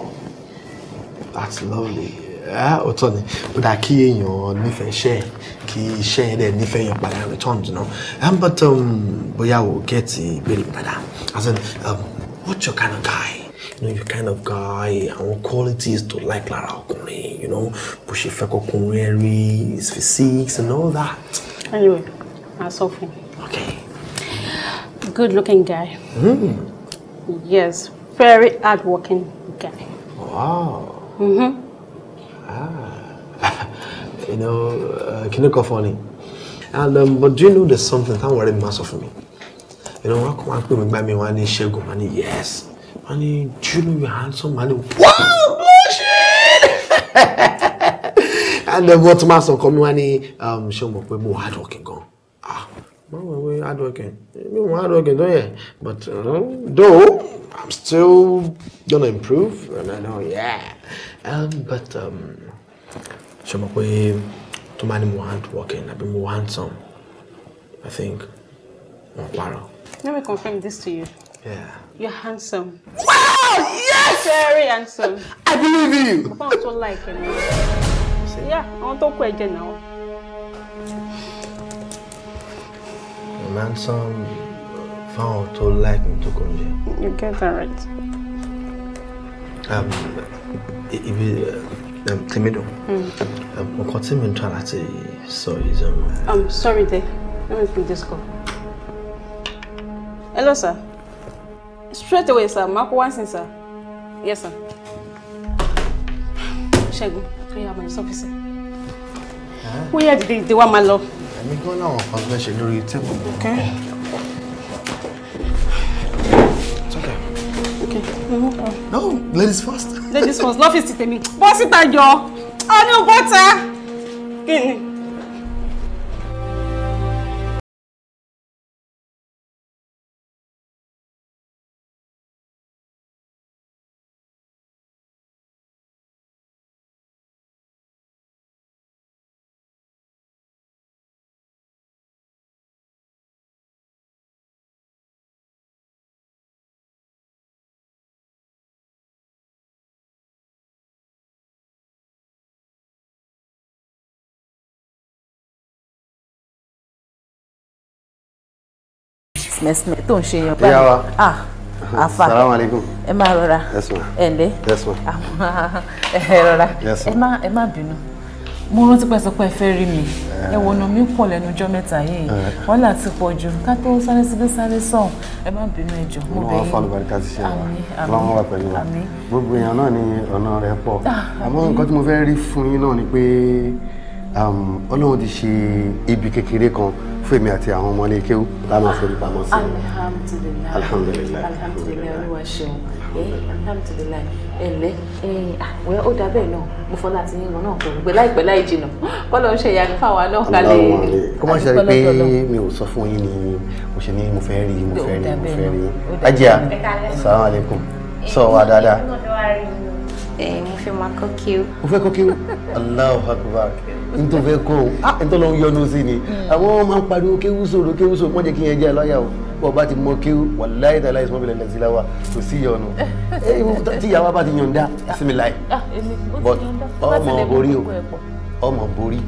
that's lovely ọ̀tọ̀ ah, ni ó dáa kí èèyàn nífẹ̀ẹ́ iṣẹ́ ẹ̀ kí iṣẹ́ yẹn dẹ̀ nífẹ̀ẹ́ yẹn padà returns náà um, but um, bóyá o gẹ̀ẹ́tì ìbéèrè padà as in um, what's your kind of guy you know your kind of guy àwọn qualities to like lára ọkùnrin you know bó ṣe fẹ́ kọkùnrin ẹ his physique and all that. anyway màá sọ fún un. okay. good looking guy. Mm. yes very hard working guy. wow. Mm-hmm. Ah, you know, uh, can you call for me? And, um, but do you know there's something that worry, massive for me? You know, wọ́n one, pé buy me one. wá ní Ṣẹ́gun, wọ́n yes. money. do you know you're handsome? Wọ́n ní wow, bullshit! and then what, tún máa sọ ọkọ Um, show me, ṣé o mọ̀ pé mo hard working gan. Ah. Well, we're hardworking. We're hardworking, don't you? But uh, though I'm still gonna improve, and I know, yeah. Um, but um, so my way to my more hardworking. I've been more handsome. I think. Let me confirm this to you. Yeah. You're handsome. Wow! Yes! Very handsome. I believe you. I want to like him. Yeah, I want to go again now. manson you get that right. ibi tèmi dùn nǹkan tí mi ń tọ́ láti sọ sọ. i'm sorry there let me put this call. hello sir straight away sir Mark kó wá sir yes sir. ṣẹ́gun ó yà have mọ̀ ní sọ́fíìsì ó yà á dìde ìdíwá máa èmi gan náà kan fẹ́ ṣe lórí tébù. Okay. It's okay. Okay. No, ladies first. ladies first lọ́fíìsì tèmi bọ́sítà jọ ọ ní bọ́tà kí ni. mẹsìmẹ tó ń ṣe yẹn báyìí. ìyá ah afa salamu aleykum ẹ máa rọra ẹ ǹdẹ ẹ rọra ẹ má ẹ má bínú mo rántí pẹ́ sọ pé ẹ fẹ́ rí mi eh. ẹ wọnà mi pọ̀ lẹ́nu ọjọ́ mẹ́ta yìí eh. wọ́n là ti pọ̀ jù ká tó sáré síbí sáré sọ̀hún ẹ má bínú ẹjọ́ mo bẹ̀ yín ọlọ́run fàlùbáríkà ti ṣe wa ọlọ́run wà pẹ̀lú wa gbogbo èèyàn náà ni ọ̀nà rẹ̀ pọ̀ ah, àmọ́ nǹkan tí mo fẹ́ rí fún yín náà ni pé Um, ọlọ́run ti ṣe ibi kékeré kan fún èmi àti àwọn ọmọ ilé kéwú láwọn àforí pamọ́ sí i. alhamdulilayi alhamdulilayi alhamdulilayi olúwa ṣeun eh, alhamdulilayi ẹlẹ àwẹ ah, ó dá bẹ́ẹ̀ náà mo fọlá àti yín lọ náà kò gbé láìpẹ́ láì jìnnà kọlọ ń ṣe ìyanu fáwa náà kalẹ̀. kó má ṣe rí pé mi ò sọ fún yín ni mo ṣe ní mo fẹ́ rí mo fẹ́ rí mo fẹ́ rí ajá salaam aleykum sọ wa dáadáa mo fẹ́ máa kọ́ kí o. mo fẹ́ kọ́ kí o Allahu Akbar n tó fẹ́ kọ́ o ah n tó lọ ń yọnu sí ni hmm. àwọn máa ń pariwo kéwú sòrò kéwú sòrò mọ́jẹ́ kí yẹn jẹ́ aláya o bọ́ bá ti mọ kéwú wàláyé tàlá ìsọmọ́ bìlẹ̀ lẹ́sí la wa kò sí yọnu eh, tí ìyàwó bá ti yọ̀ǹda sinmi ah, láì ọmọ borí o ọmọ borí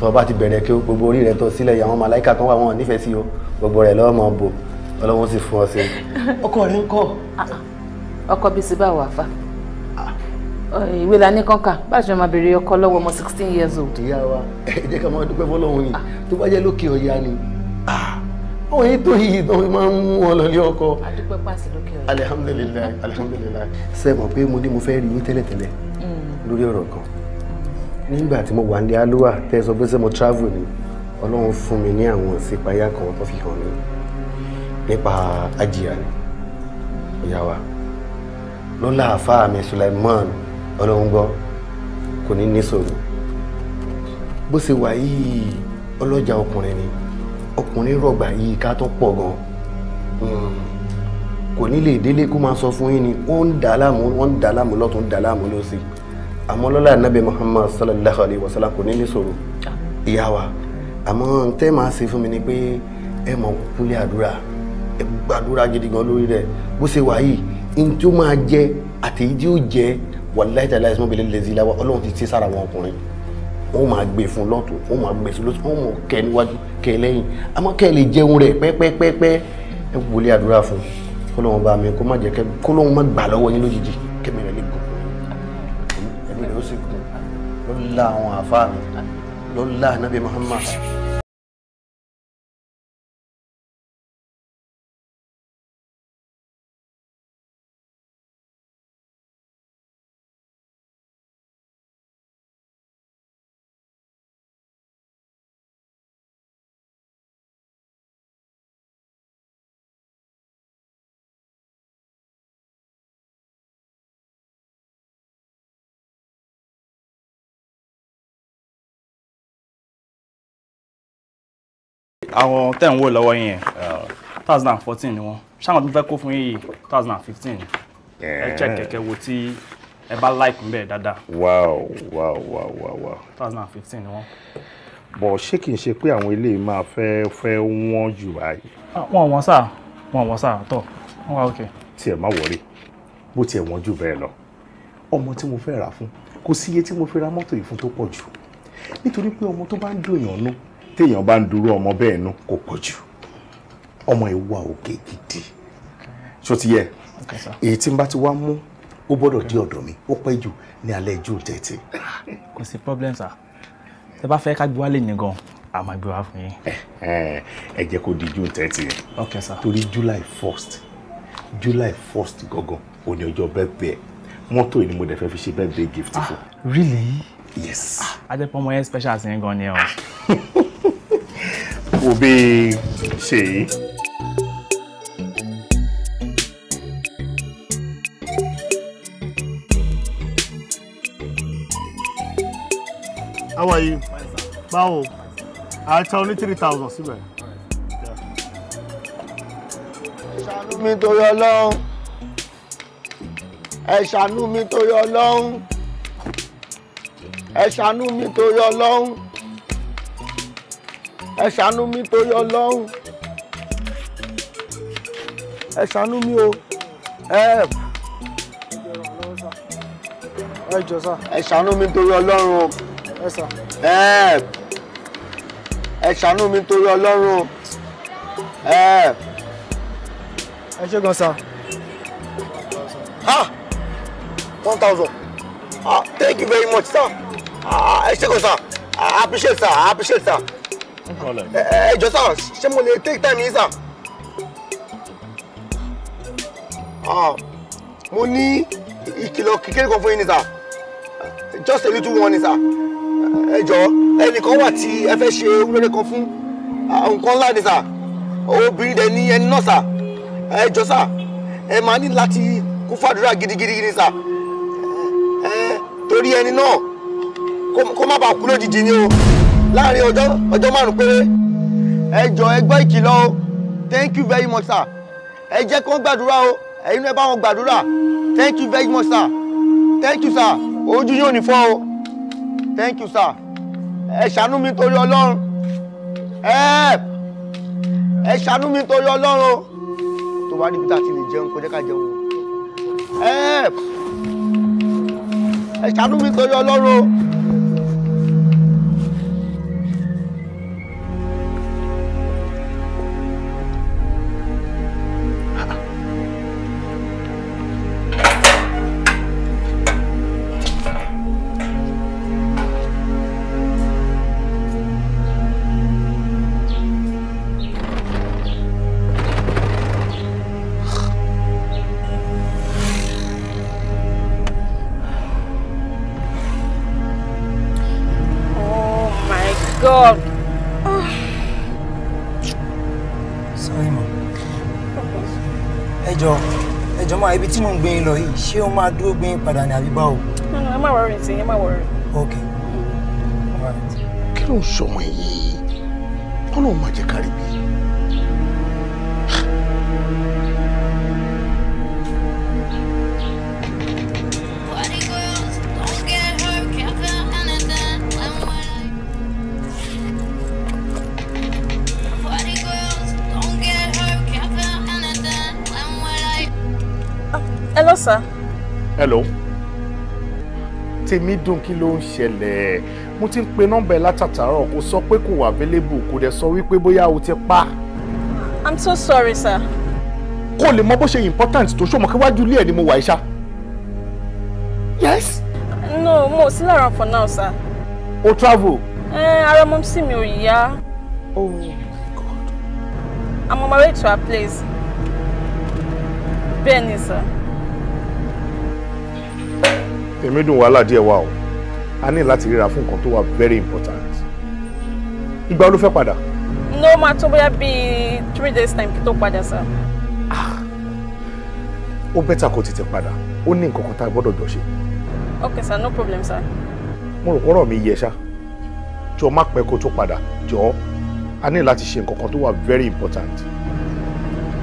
tó bá ti bẹ̀rẹ̀ kéwú gbogbo orí rẹ̀ tó sílẹ̀ yàwọn màláìka kan wà wọn nífẹ̀ẹ́ sí o gbogbo rẹ̀ ìwé la ní kọ́ńkà bá ṣe máa bèrè ọkọ lọ́wọ́ ọmọ sixteen years old. ìyá wa ẹ jẹ́ ká máa dúpẹ́ fọlọ́run ni tó bá jẹ́ lókè ọ̀yà ni àwọn yìí tó yìí tó máa ń mú ọ lọlé ọkọ. a dúpẹ́ pàṣẹ lókè ọ̀yà. alihamudulilayi alihamudulilayi. sẹ́mọ̀ pé mo ní mo fẹ́ rí yín tẹ́lẹ̀tẹ́lẹ̀ mm. lórí ọ̀rọ̀ kan nígbà tí mo wà ní alúwà tẹ́ sọ pé ṣé mo travel ni ọlọ́run fún mi ní àwọn ìsìpáyà kan tó fi hàn mí nípa ajíyà ni ìyá àfáà mi Sulaiman ọlọ́run gbọ́ kò ní ní sòrò bó ṣe wà yìí ọlọ́jà ọkùnrin ni ọkùnrin rọ̀gbà yìí ká tó pọ̀ gan hmm. kò ní lè délé kó máa sọ fún yín ni wọ́n ń dà láàmú wọ́n ń dà láàmú lọ́tún dà láàmú lọ́sí àmọ́ lọ́la nabi Muhammad sallallahu alayhi wa sallam kò ní ní sòrò ìyá wa àmọ́ tẹ́ máa ṣe fún mi ni pé ẹ mọ̀ kúlé àdúrà ẹ gbàdúrà gidi gan lórí rẹ̀ bó ṣe wà yìí ní ó máa jẹ àtẹ̀yí tí ó jẹ wàláhì tàláhì ẹ̀sìn mọ́bìlì lè zila wa ọlọ́run ti ṣe sára wọn ọkùnrin wọn máa gbé fún lọ́tún wọn máa gbé sí lọ́tún wọn mọ̀ kẹ́ níwájú kẹ́ lẹ́yìn àmọ́ kẹ́ lè jẹun rẹ̀ pẹ́pẹ́pẹ́pẹ́ ẹ wọlé àdúrà fún kọ́lọ́run bá mi kó má jẹ́ kọ́lọ́run má gbà lọ́wọ́ yín lójijì kẹ́mi rẹ̀ lè gùn ẹ̀mí rẹ̀ ó sì gùn lọ́la àwọn àfa lọ́la anabi Muhammad. àwọn tẹ̀ ń wò lọ́wọ́ yẹn two thousand and fourteen ni wọ́n ṣáwọn tó fẹ́ kó fún yìí two thousand and fifteen ẹ jẹ́ kẹ̀kẹ́ wo tí ẹ bá like ń bẹ̀ dáadáa. wow wow wow wow wow. two thousand and fifteen ni wọ́n. bọ̀ ṣé kìí ṣe pé àwọn eléyìí máa fẹ́ fẹ́ wọ́n jù báyìí. Ah, wọn wọn sáà wọn wọn sáà tọ wọn wá òkè. tiẹ̀ má wọrí bó tiẹ̀ wọ́n jù bẹ́ẹ̀ lọ ọmọ tí mo fẹ́ rà fún kò sí iye tí mo fẹ́ ra mọ́tò yìí fún tó pọ̀ jù nítorí pé ọmọ tó bá ń dùn yàn nú téèyàn bá ń dúró ọmọ bẹ́ẹ̀ nú kò pọ̀ jù ọmọ ìwà òkè gidi ṣó ti yẹ èyí tí n bá ti wá mú ó gbọ́dọ̀ dé ọ̀dọ̀ mi ó pẹ́ jù ní alẹ́ june tẹ̀tì. kò sí problem sir tẹ bá fẹ́ ká gbé wálé ní gan a máa gbé wá fún yín. ẹ jẹ́ kó di june tẹ̀tì. ok sir. torí july first july first gangan ò ní ọjọ́ birthday mọ́tò yìí ni mo dẹ̀ fẹ́ fi ṣe birthday gift ah, fún. really. yes. adepọ ah, ọmọ yẹn special sí gan ni ẹ Will be C. How are you? Báwo? Àìsàn oní three thousand síbẹ̀. Ṣàánú mi torí Ọlọ́run. Ẹ ṣàánú mi torí Ọlọ́run. Ẹ ṣàánú mi torí Ọlọ́run ẹ ṣàánú mi torí ọlọ́run ẹ ṣàánú mi o ẹ ẹ ṣàánú mi torí ọlọ́run o ẹ ẹ ṣàánú mi torí ọlọ́run o ẹ. ẹ ṣe gan sa. ah one thousand ah thank you very much sir ah ẹ ṣe gan sa i appreciate sir i appreciate sir ẹ jọ sá ṣé take time Isa. Ah, money. He ìkìlọ̀ kékeré kan fún Isa. just a little one Isa. Hey, Joe. Hey, ẹnìkan wà tí ẹ fẹ́ ṣe wúlọ́lẹ́ kan fún nǹkan ńlá ni sá obìnrin dẹ̀ ní ẹni náà sá ẹ jọ sá ẹ máa ní láti kún fàdúrà gidigidi ni sá torí ẹni náà kó má bàa kú lójijì ni o láàrin ọjọ́ ọjọ́ márùn péré ẹ jọ ẹ o thank you very much sir ẹ jẹ́ kí wọ́n gbàdúrà o ẹ̀yin náà bá wọn gbàdúrà thank you very much sir thank you sir ojú yóò ní fọ́ o thank you sir ẹ ṣàánú mi torí ọlọ́run ẹ ẹ ṣàánú mi torí ọlọ́run tó bá rí bíta ti lè jẹun kó jẹ́ ká jẹun ẹ ẹ ṣàánú mi torí ọlọ́run o. tí mò ń gbé yín lọ yìí ṣé ó máa dúró gbé yín padà ní àbí báwo. ẹ má wọrí ní tiyín ẹ má wọrí. ok kí ló ń sọ wọn yìí wọn náà máa jẹ kárí bí hello tèmi dùn kí ló ń ṣẹlẹ̀ mo ti ń pe nọ́mbà ẹ̀ látàtàárọ̀ kò sọ pé kò wà available kò dẹ̀ sọ wípé bóyá o ti pa. i'm so sorry sir. kò lè mọ bó ṣe important tó ṣọmọ kíwájú ilé ẹ ni mo wà iṣá. yes. no mo ò sí lára for now sir. o travel. ẹ eh, ara mọ́ sí mi ò yá. oh my god. i'm on my way to her place. bẹ́ẹ̀ ni sir èmi dùn wàhálà díẹ̀ wà o a ní láti ríra fún nǹkan tó wà very important ìgbà ló fẹ́ padà. No, máa tó bóyá bíi three days time kí tó padà sá. Ah, ó bẹ́tà kó tètè padà ó ní nǹkan kan tá a gbọ́dọ̀ jọ ṣe. ok sir no problem sir. mo rò kọ́rọ̀ mi yẹ ṣá jọ má pẹ́ kó tó padà jọ a ní láti ṣe nǹkan kan tó wà very important.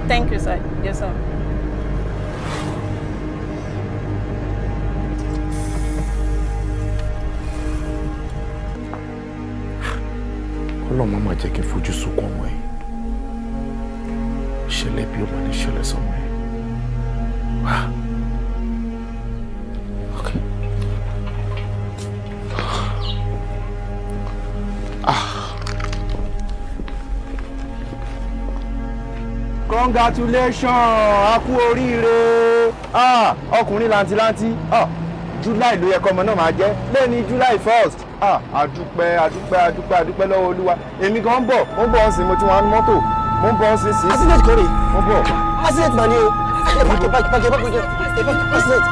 thank you sir yes sir. ọlọ́run má máa jẹ́ kí n fojú sunkún ọmọ yìí ìṣẹ̀lẹ̀ bí ó máa ní ìṣẹ̀lẹ̀ sọmọ ah. congratulation a kú oríire ah, ọkùnrin làǹtìlanti ah, July ló yẹ kọ́mọ náà máa jẹ́ lẹ́ni July first àdúpẹ́ àdúpẹ́ àdúpẹ́ àdúpẹ́ lọ́wọ́ olúwa èmi gan ń bọ̀ mo ń bọ̀ ọ̀sìn mo ti wà ní mọ́tò mo ń bọ̀ ọ̀sìn sí. accident kọ́ni mo bọ̀. accident mà ni o pàkẹ́ pàkẹ́ pàkẹ́ pàkẹ́ accident.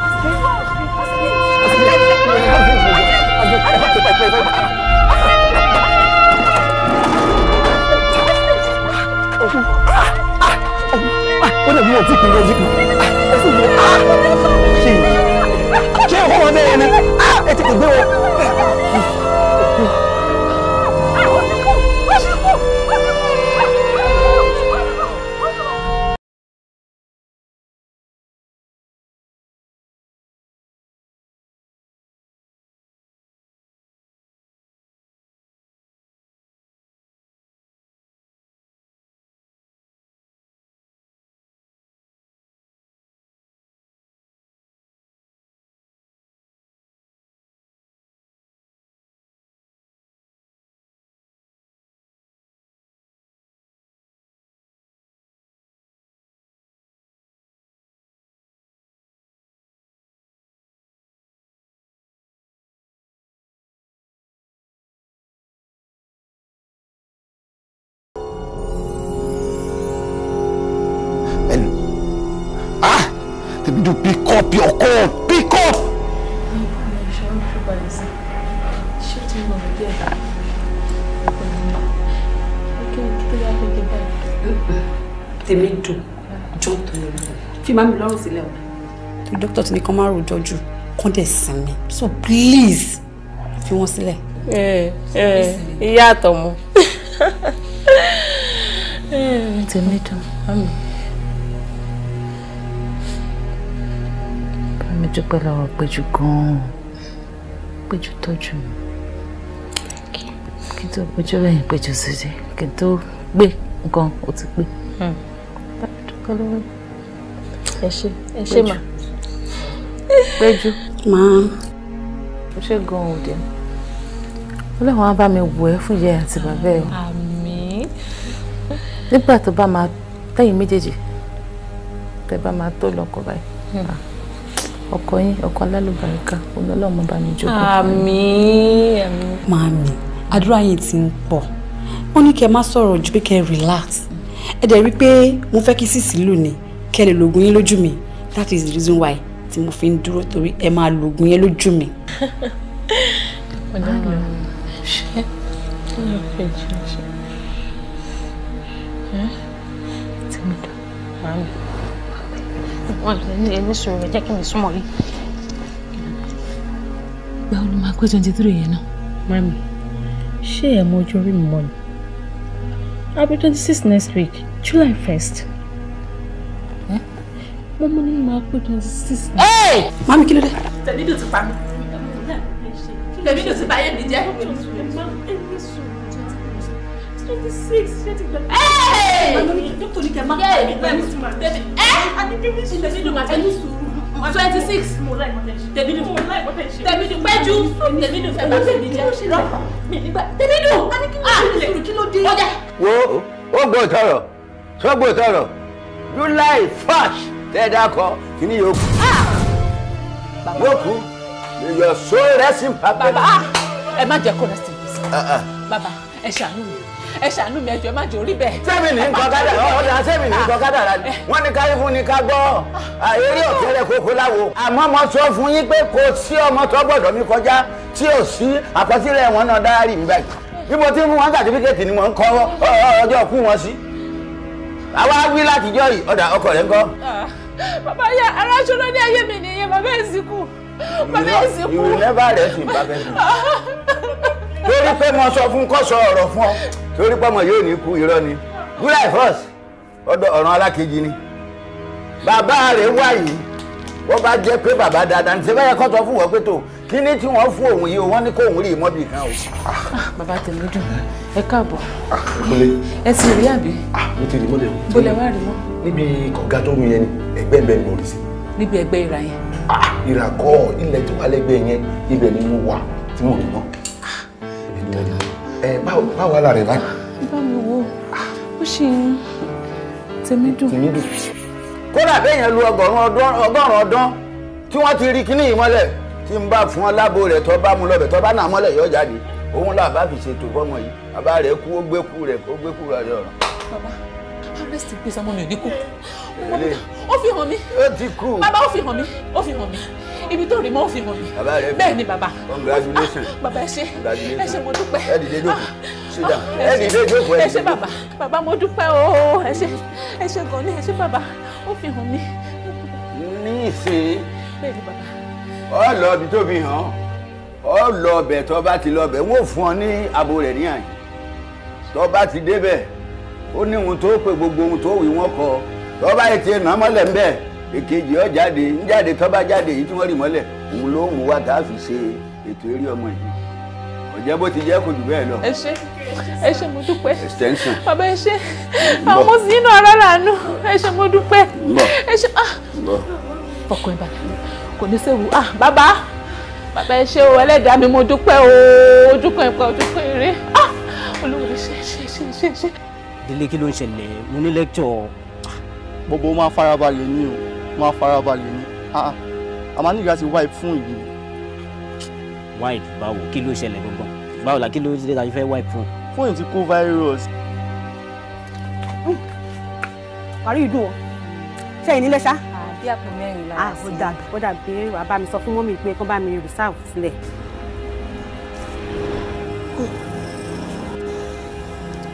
ó dẹ̀ bí wọ́n ti kì í lọ sí kì í. ṣé ìfowópamọ́ bẹ́ẹ̀ ni. 赶紧给我！to pick up your call. Pick up! tèmi dùn jọ tó lè mú fi máa mi lọ́rùn sílẹ̀ o. torí dókítà ti ní kán máa rojọ́ jù kán dẹ̀ sinmi so please fi wọ́n sílẹ̀. ẹ ẹ ìyá àtọ̀mọ́ tèmi dùn. dúpẹ́ lọ́wọ́ péjú gan-an péjú tọ́jú mi kí n tó péjú lẹ́yìn péjú síse kí n tó gbé gan o ti gbé. Hmm. dúpẹ́ lọ́wọ́ ẹ ṣé ẹ ṣé mà péjú. màá. o ṣe gan-an òde ọlọ́run á bá mi wò ẹ́ fún ìyá àti bàbá ẹ̀. àmín. nígbà tó bá máa tẹ̀yìn méjèèjì tẹ bá máa tó lọ́kọ báyìí. Hmm ọkọ yín ọkọ alálùbáríkà olólùmọ bá mi jókòó. àmín àmín. màámi àdúrà yìí ti ń pọ̀ wọ́n ní kẹ́ má sọ̀rọ̀ ju pé kẹ́ relax ẹ dẹ̀ rí i pé mo fẹ́ kí sísì lù ní kẹ́ lè lògùn yín lójú mi that is the reason why tí mo fi ń dúró torí ẹ máa lògùn yẹn lójú mi. màámi wọn ní ẹni sọ̀rọ̀ rẹ̀ jẹ́ kí mi súnmọ́ yìí. ìgbà wo máa pé twenty three yẹn náà. mami ṣé ẹ mọ ojú orí mi mọ ni I'll be twenty six next week July first. wọ́n mú ní máa pé twenty six. mami kí ló dé. tẹ̀lé ìdòtí pa mi tẹ̀lé ìdòtí pa yé mi jẹ́ twenty six ṣé ti gbẹ. dókítà ní kẹ má kọ mi pẹ̀lú sùn máa. tẹ̀mí sùn twenty six tẹ̀mí dùn tẹ̀mí dùn pẹ́jú tẹ̀mí dùn fẹ́ bá tẹ̀mí jẹ́ rọ́pà tẹ̀mí dùn ah kí ló dé. wo ó gbọ́ tọrọ tó gbọ́ tọrọ july first tẹ́ẹ̀dá kọ kíní yóò kú ah! yóò kú yóò so rẹ́sìn pàpẹ́. bàbá ah! ẹ má jẹ́ kó rẹ́sìn uh-uh. bàbá ẹ ṣàánú mi ẹ ṣàánú mi ẹjọ́ má jẹ́ orí bẹ́ẹ̀. sẹ́mi ah. ní nǹkan kádàrá ọ̀dà sẹ́mi ní nǹkan kádàrá ni wọ́n ní káyé fún ni ká gbọ́ ah. Ah, eré ọ̀tẹ́lẹ̀ kókó láwo. àmọ́ mo sọ fún yín pé kò sí ọmọ tó gbọ́dọ̀ mi kọjá tí ò sí àkọsílẹ̀ wọn náà dáárì mi báyìí bí mo ti mú wọn sàtífíkẹ́tì ni mò ń kọ́ ọjọ́ kú wọn sí. àwa wí látijọ́ yìí ọ̀dà ọkọ rẹ̀ ń kọ́. bàbá yẹ aráṣọ torí pé mo sọ fún kọ́sọ̀ ọ̀rọ̀ fún ọ torí pé ọmọ yóò ní kú irọ́ ni july first ọdọ ọ̀ràn alákejì ni bàbá rẹ̀ wà yìí wọ́n bá jẹ́ pé bàbá dáadáa ní sẹ́fẹ́ yẹ kọ́ sọ fún wọn pé tó kí ni tí wọ́n fún òun yìí o wọ́n ní kóun rí ìmọ̀ bìí o. Ah, bàbá tèmi dùn ẹ káàbọ̀ ah, ẹ sì rí àbí. Ah, mo o. bọ́lẹ̀ wá rí mọ́. níbi kọ̀ǹga tó mi yẹn ni ẹgbẹ́ ń bẹ ní orí sí. níbi ẹgbẹ́ ìrà yẹn. ìrà kọ́ ilẹ̀ tó wà lẹ́gbẹ̀ẹ́ yẹn ibẹ̀ ni mo wà tí mo rí mọ́ ẹ báwo la rẹ báyìí. bá mi wo ó ṣe tèmi dùn. tèmi dùn. kódà béèyàn lu ọgọ́rùn-ún ọdún tí wọ́n ti rí kíní yìí mọ́lẹ̀ tí ń bá fún ọ lábo rẹ̀ tó bá mu lọ́bẹ̀ tó bá nà mọ́lẹ̀ yọ jáde òun là bá fi ṣètò fọmọ yìí bàbá rẹ̀ kú ó gbé kú rẹ̀ ó gbé kú rẹ̀ ọ̀rọ̀. bàbá harvest gbèsè ọmọ mi ò ní kú ó fi hàn mí bàbá ó fi hàn mí ó fi hàn mí ibi tó rí mọ́ òfin wọn ni bẹ́ẹ̀ ni bàbá ah, bàbá ẹ ṣé ẹ ṣé mo dúpẹ́ ẹ dìde jókòó ṣídà ah, ah, ẹ dìde jókòó ẹ ṣé bàbá bàbá mo dúpẹ́ o ẹ ṣé ẹ ṣé gan ni ẹ ṣé bàbá ó fi hàn mí. ní ìsìn ọ lọ ibi tó fi hàn ọ lọ ọbẹ̀ tó bá ti lọ ọbẹ̀ wọn ò fún ọ ní abo rẹ̀ ní àyè tó bá ti débẹ̀ ó ní ohun tó pè gbogbo ohun tó wí wọn kọ tó bá yẹ ti nà ń bẹ́ẹ̀ èkejì ọ jáde ń jáde tó bá jáde èyí tí wọ́n rì mọ́lẹ̀ òun ló mú wa tá a fi ṣe ètò eré ọmọ yìí ọ̀jẹ́ bó ti jẹ́ kò jù bẹ́ẹ̀ lọ. ẹ ṣé ẹ ṣé mo dúpẹ́. extension. bàbá ẹ ṣé àwọn sì nínú ara làánú ẹ ṣé mo dúpẹ́. lọ lọ. Ah. fọkàn ẹ bàbá kò ní sẹ́wù ah bàbá bàbá ẹ ṣé o ẹlẹ́dàá mi mo dúpẹ́ o ojúkan ìpa ojúkan ìrè ah olówó ṣe ṣe ṣe ṣe ṣe. délé kí ló ń ṣẹlẹ̀ mo ní lẹ́kítọ̀ gbogbo máa farabalẹ̀ ní o máa farabalẹ̀ ni ah, ah. a máa nígbà tí wipe fún yìí. wipe báwo kí ló ṣẹlẹ̀ gbọ̀ngàn báwo la kí ló ṣe tàbí fẹ́ wipe fún. fóònù ti kó virus. àrí ìdùn o sẹ́yìn nílẹ̀ ṣá. àbí ah, àpò mẹ́rin lára sí i. ó dàbí wàá bá mi sọ fún mọ́mí pé kán bá mi reserve sílẹ̀.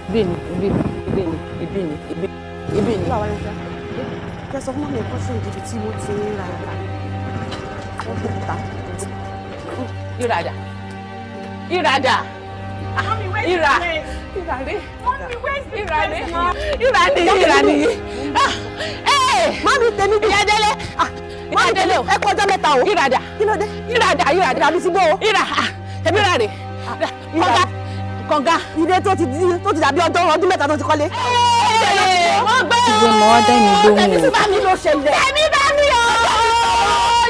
ibi ni ibi ni ibi ni ibi ni ibi ni kẹsàn fún mi kọ́sùn ìdíbi tí mo ti ń ra ẹ̀ka wọ́n fi ta. ìràdà ìràdà ìrà ìràdé ìràdé ìràdé ìràdé mami tèmi bi ìyá délé ah, ìyá délé o ẹ kọjá mẹ́ta o ìràdà kí ló dé ìràdà ìràdà ìràdà ti bó o ìrà ah, tèmi rà ah, rè kọjá kànga ilé tó ti di tó ti dàbí ọdún ọdún mẹ́ta tó ti kọ́lé. wọ́n gbé o ìwọ mọ̀ ọ́ dẹ́ni lóhùn o tẹ̀mí bá mi ló ṣẹlẹ̀. tẹ̀mí bá mi o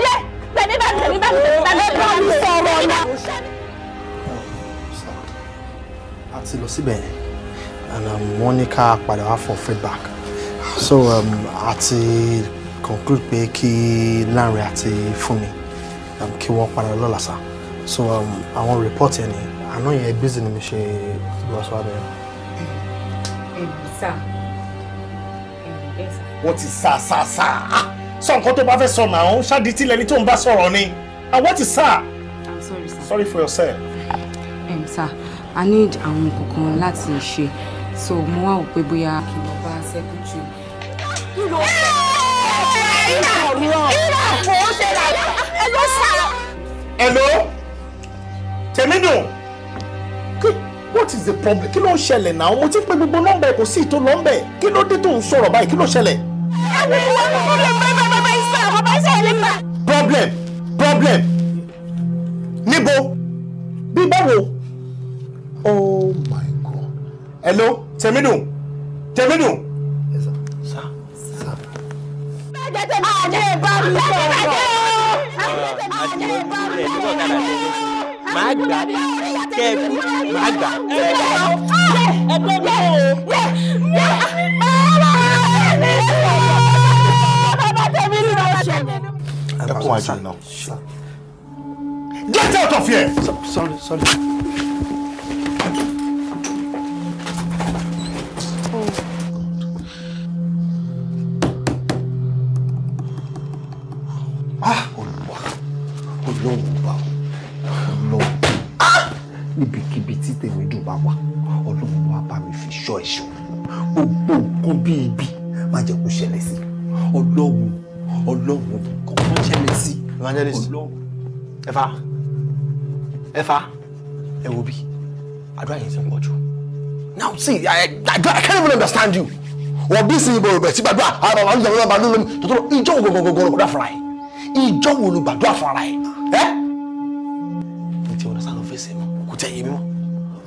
yẹ tẹ̀mí bá mi tẹ̀mí bá mi tẹ̀mí bá mi tẹ̀mí bá mi sọ̀rọ̀ ọ̀la. a ti lọ síbẹ̀ and um, wọ́n ní ká padà wá for feedback so um, a ti conclude pé kí Lanre àti Fúnmi um, kí wọ́n padà lọ́la sáà so I um, àwọn report any. I know yẹn busy ni mi ṣe ìgbàsọ abẹ. wọ́n ti sá sá sá sọ nǹkan tó bá fẹ́ sọ náà ṣáàdì tí lẹni tó ń bá sọ̀rọ̀ ni and what is sir. i'm sorry sir. sorry for yourself. Um, sir i need àwọn kankan láti ṣe so mo wá wò pé bóyá kí n lọ bá secretary. kí ló ń sọ̀rọ̀? ń sọ̀rọ̀? ẹ ló sọ̀rọ̀. ẹ ló tèmi nù what is the problem kí ló ń ṣẹlẹ̀ náà mo ti ń pe gbogbo nọ́mbà ẹ̀ kò sí ìtò nọ́mbà ẹ̀ kí ló dé tó ń sọ̀rọ̀ báyìí kí ló ṣẹlẹ̀. problem problem níbo bí báwo oh my god hello tẹ̀mínú tẹ̀mínú. Ajé bá mi sọ̀rọ̀. Ajé bá mi sọ̀rọ̀ màá gbà kẹ́ ẹ kú màá gbà. ẹgbẹ́ mi ò ẹ kún àjò Get out of here! sorry, sorry. lọ́wọ́ gbogbo nǹkan bíi ibi má jẹ́ kó ṣẹlẹ̀ sí ọlọ́run ọlọ́run kọ́kọ́ ṣẹlẹ̀ sí ọlọ́run. ẹ̀fà ẹ̀fà ẹ̀ wo bí àdúrà yẹn ti ń pọ̀ now see I, I, can't even understand you wọ́n bí sin ìbò ìbẹ̀ tí gbàdúrà àwọn àwọn àlùjọ àwọn àlùjọ tòtòrò ìjọ wo gọgọgọ ló gbàdúrà fúnra ẹ̀ ìjọ wo ló gbàdúrà fúnra ẹ̀ mi ti wọn lọ sá lọ kò tẹ̀ mi mọ́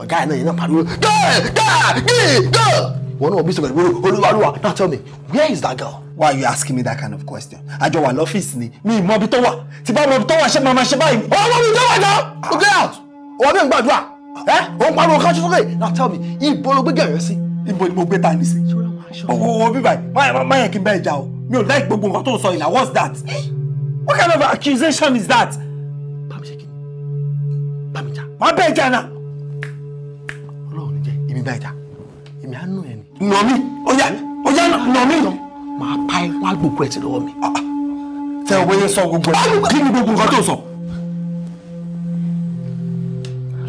ọ̀gá ẹ̀ náà yẹn náà pariwo gẹ́ẹ̀ gẹ́ẹ̀ gẹ́ẹ̀ gẹ́ẹ̀ wọn náà bí sọ̀rọ̀ olúwaluwa now tell me where is that girl. why are you asking me that kind of question àjọ wà lọ́fíìsì ni mi ì mọ ibi tó wà tí bá mọ ibi tó wà ṣe máa ma ṣe báyìí ọwọ́ mọ ibi tó wà náà o get out o wà bí n gbàdúrà ẹ o ń pariwo kájú sókè now tell me ibo ló gbé gẹ̀rẹ́ sí ibo ni mo gbé tani sí owó bíbáyìí má yẹ kí n bá ẹ jà o mi ò láì gbogbo nǹkan tó ń sọ ìlà what's that what kind of accusation is that. bámi ṣe kí ni bámi jà. má bẹ́ẹ̀ jà náà èmi bá ìjà èmi á nù ẹ ni. nà mí ọyá ọyá nà mí nà. màá pa ẹ wá gbogbo ẹ ti lọ́wọ́ mi. Ah, ah. tẹ ọ bóyá sọ gbogbo ẹ kí ni gbogbo nǹkan tó sọ.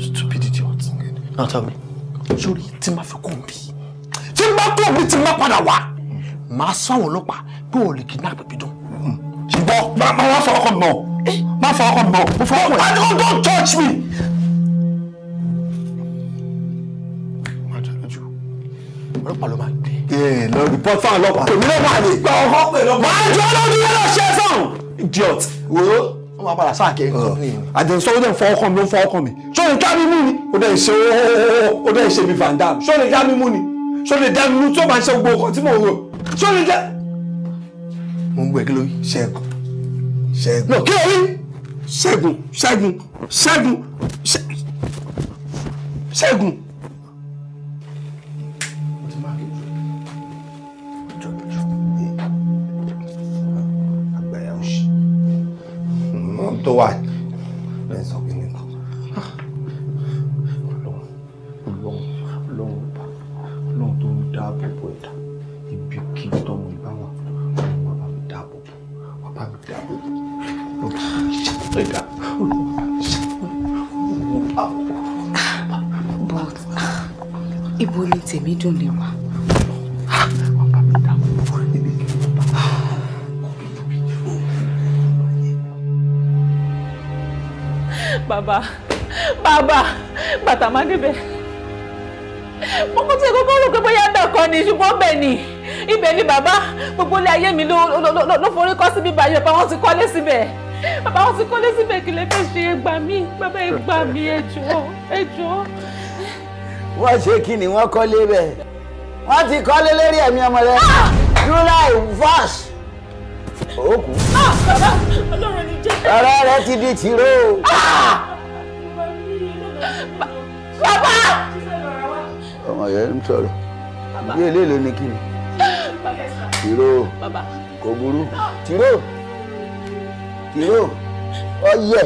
stupidity ọ̀tún. náà tẹ́ mi sórí tí n bá fi kó n bí tí n bá kó n bí tí n bá padà wá màá sọ àwọn ọlọ́pàá pé ò lè kidnap Bídún. ṣùgbọ́n máa fọwọ́ kọ́ mi náà máa fọwọ́ kọ́ mi náà. I don't don't touch me. ọlọ́pàá ló máa dé. ẹ lọ report fáwọn ọlọ́pàá. èmi náà máa lè gba ọkọ pè lọ́pàá. máa jọ lójú yẹn lọ ṣe sàn. idiot. wo wọn máa padà sáàkẹ́ kọ́pìnì mi. Uh, àjẹsọ ó dẹ̀ fọ ọkàn mi ó fọ ọkàn mi. ṣó lè dá mi mú ni. ó dẹ̀ ṣe ó dẹ̀ ṣe mi Van Dam. ṣó lè dá mi mú ni. ṣó lè dá mi mú tí ó máa ṣe gbogbo ọkàn tí mò ń rò. ṣó lè dá. mo ń gbọ́ ẹ kí lóyún ṣẹ́gun ṣẹ́gun. kí lóyún ṣẹ́gun ṣẹ́gun ṣẹ́gun ṣẹ́gun. ar. bàbá bàbá bàtà má tí kókó rò pé bóyá bẹ́ẹ̀ kọ́ ni ṣùgbọ́n bẹ́ẹ̀ ni ibẹ̀ ni bàbá gbogbo ilé ayé mi ló forí kọ́ síbi báyìí bàbá wọn ti kọ́lé síbẹ̀ bàbá wọn ti kọ́lé síbẹ̀ kí lè fẹ́ ṣe é gbà mí bàbá ẹ gbà mí ẹ jọ̀ọ́ ẹ jọ̀ọ́. wọ́n ṣe kí ni wọ́n kọ́lé bẹ́ẹ̀ wọ́n ti kọ́lé lérí ẹ̀mí ọmọ rẹ̀ ah! july vars ó ah! ọlọ́run ni jẹ́ ọ̀rọ̀ rẹ ti di tìró. Ah! Bàbá! Ọmọ yẹn ń sọ̀rọ̀. Bí eléèlé ni kí ni? Tìró. Kò burú. Tìró. Tìró. Ọyẹ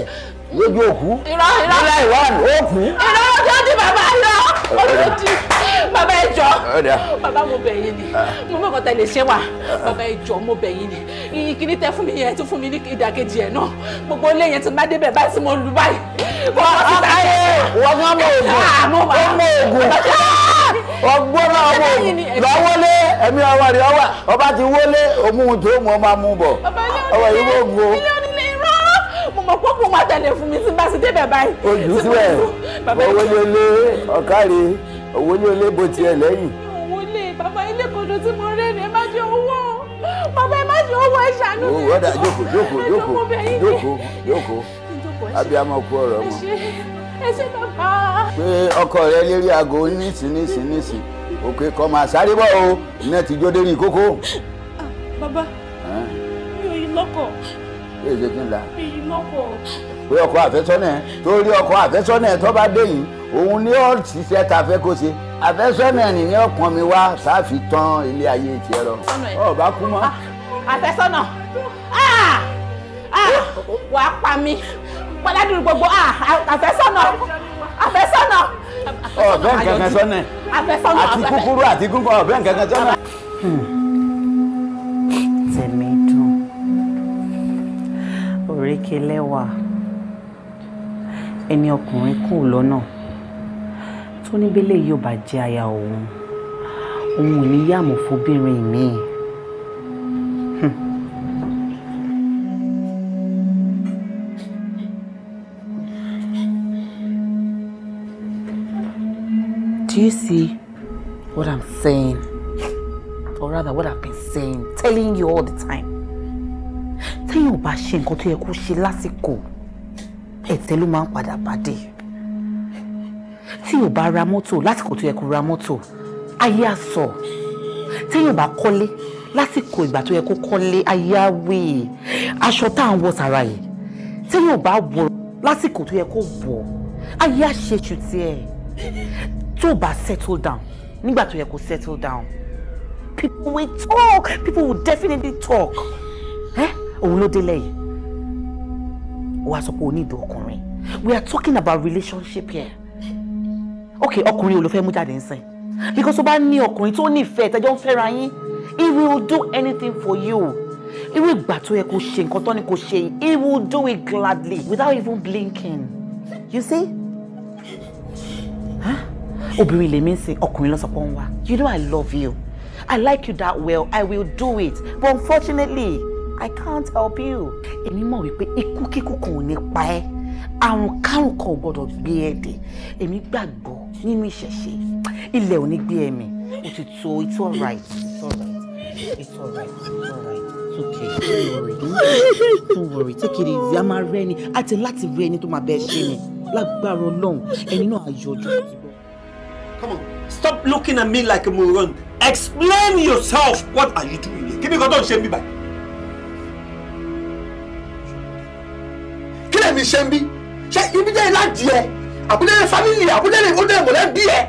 lójú òkú. Ìrọ̀ ìrọ̀. Ìrọ̀ ìwà òkú. Ìrọ̀ ọjọ́ di bàbá yọ. Ọjọ́ bàbá ẹ jọ bàbá mo bẹ̀ yín ni ah. mo mọ̀ kọ́tà lè ṣe wà ah. bàbá ẹ jọ mo bẹ̀ yín ni ìkíní tẹ fún mi yẹn tún fún mi ní ìdàkejì ẹ̀ náà gbogbo ilé yẹn ti má débẹ̀ báyìí tí mo lù báyìí. wọ́n mọ oògùn ah, wọ́n mọ oògùn ọgbọ́nà ọmọ lọ́wọ́lé ẹ̀mí ọwọ́ rẹ̀ ọwà ọba ti wọlé òmùhùn tó mọ̀ ọ́ máa mú bọ̀ ọwọ́ ìwé ògùn o mo kó kó wọn tẹlẹ fún mi tí bá ti débẹ̀ báyìí. ojú síbẹ̀ owó lélẹ̀ ọ̀kárí owó ní olè bó tiẹ̀ lẹ́yìn. owó lè bàbá ilé kodo tí mo rẹ́ ni ẹ má jẹ owó bàbá ẹ má jẹ owó ẹ ṣàánú mi. owó ọ̀dà jókòó jókòó jókòó jókòó jókòó abiyamọ kú ọ̀rọ̀ mọ́. ẹ ṣe bàbá. pé ọkọ rẹ lérí aago nísìnyìísìnyìísìn òkè kó máa sáré bọ̀ o iná ti jó dérí kókó. Ah, bàbá mi ò yí lọ́kọ̀. èyí ṣe kí n la. mi ò yí pé ọkọ àfẹ́sọ́nà ẹ torí ọkọ àfẹ́sọ́nà ẹ tó bá dé yìí òun ni ó ṣiṣẹ́ ta fẹ́ kó ṣe àfẹ́sọ́nà ẹni ní ọkàn mi wá sáfi tán ilé ayé ti ẹ̀rọ ọba kú mọ́. àfẹ́sọ́nà ah! Ah! wà á pa mi pọ́ládùn gbogbo ah! àfẹ́sọ́nà àfẹ́sọ́nà. ọ̀bẹ nkankan sọ́nà àti kúkúrú àti gúngàn ọ̀bẹ nkankan sọ́nà. tèmi dùn òrékelẹ́wà ẹni ọkùnrin kù lọ́nà tó ní bẹ́lẹ̀ yóò bá jẹ́ aya òun òun ò ní yàmù fóbìnrin míì. Hmm. Do you see what I'm saying? Or rather, what I've been saying, telling you all the time. Tell you about ṣe nǹkan tó yẹ kó ṣe lásìkò, ẹ̀tẹ́ ló máa ń padà tí ò bá ra mọ́tò lásìkò tó yẹ kó ra mọ́tò ayé àsọ téèyàn bá kọ́lé lásìkò ìgbà tó yẹ kó kọ́lé ayé àwé aṣọ tá à ń wọ sára yìí téèyàn bá wọ lásìkò tó yẹ kó wọ ayé àṣejù tiẹ̀ tó bá settle down nígbà tó yẹ kó settle down people will talk people will definitely talk òun ló délẹ̀ yìí wàá sọ pé o ní ìdò ọkùnrin we are talking about relationship here ok ọkùnrin ò ló fẹ́ mú jáde nsìn because ó bá ní ọkùnrin tó nífẹ̀ẹ́ tẹ́jọ́ ń fẹ́ra yín he will do anything for you irú ìgbà tó yẹ kó ṣe nǹkan tó ní kó ṣe he will do it gladly without even blinking you see obìnrin lèmi ń sìn ọkùnrin lọ́sọ̀pọ̀ ń wá you know I love you I like you that well I will do it but unfortunately I can't help you. èmi mọ̀ wípé ikú kíkú kan ò ní pa ẹ́ àrùn kárùn kan ò gbọ́dọ̀ gbé ẹ dé èmi gbàgbọ́ nínú ìṣẹ̀ṣe ilẹ̀ ò ní gbé ẹ̀mí ó ti tó it's all right it's all right it's all right it's okay don't worry don't worry take it easy a máa rẹ́ ni àti láti rẹ́ ẹni tó máa bẹ́ẹ̀ ṣe ni lágbára ọlọ́run ẹni náà á yọjú. come on stop looking at me like a moron explain yourself what are you doing here kí ni kò tó ń ṣe mí báyìí. kí lèmi ṣe ń bí ṣe ibi jẹ́ ìlàjì ẹ̀ àbúlé lè family àbúlé lè ọdún ẹ̀mọ̀lẹ́ bí ẹ.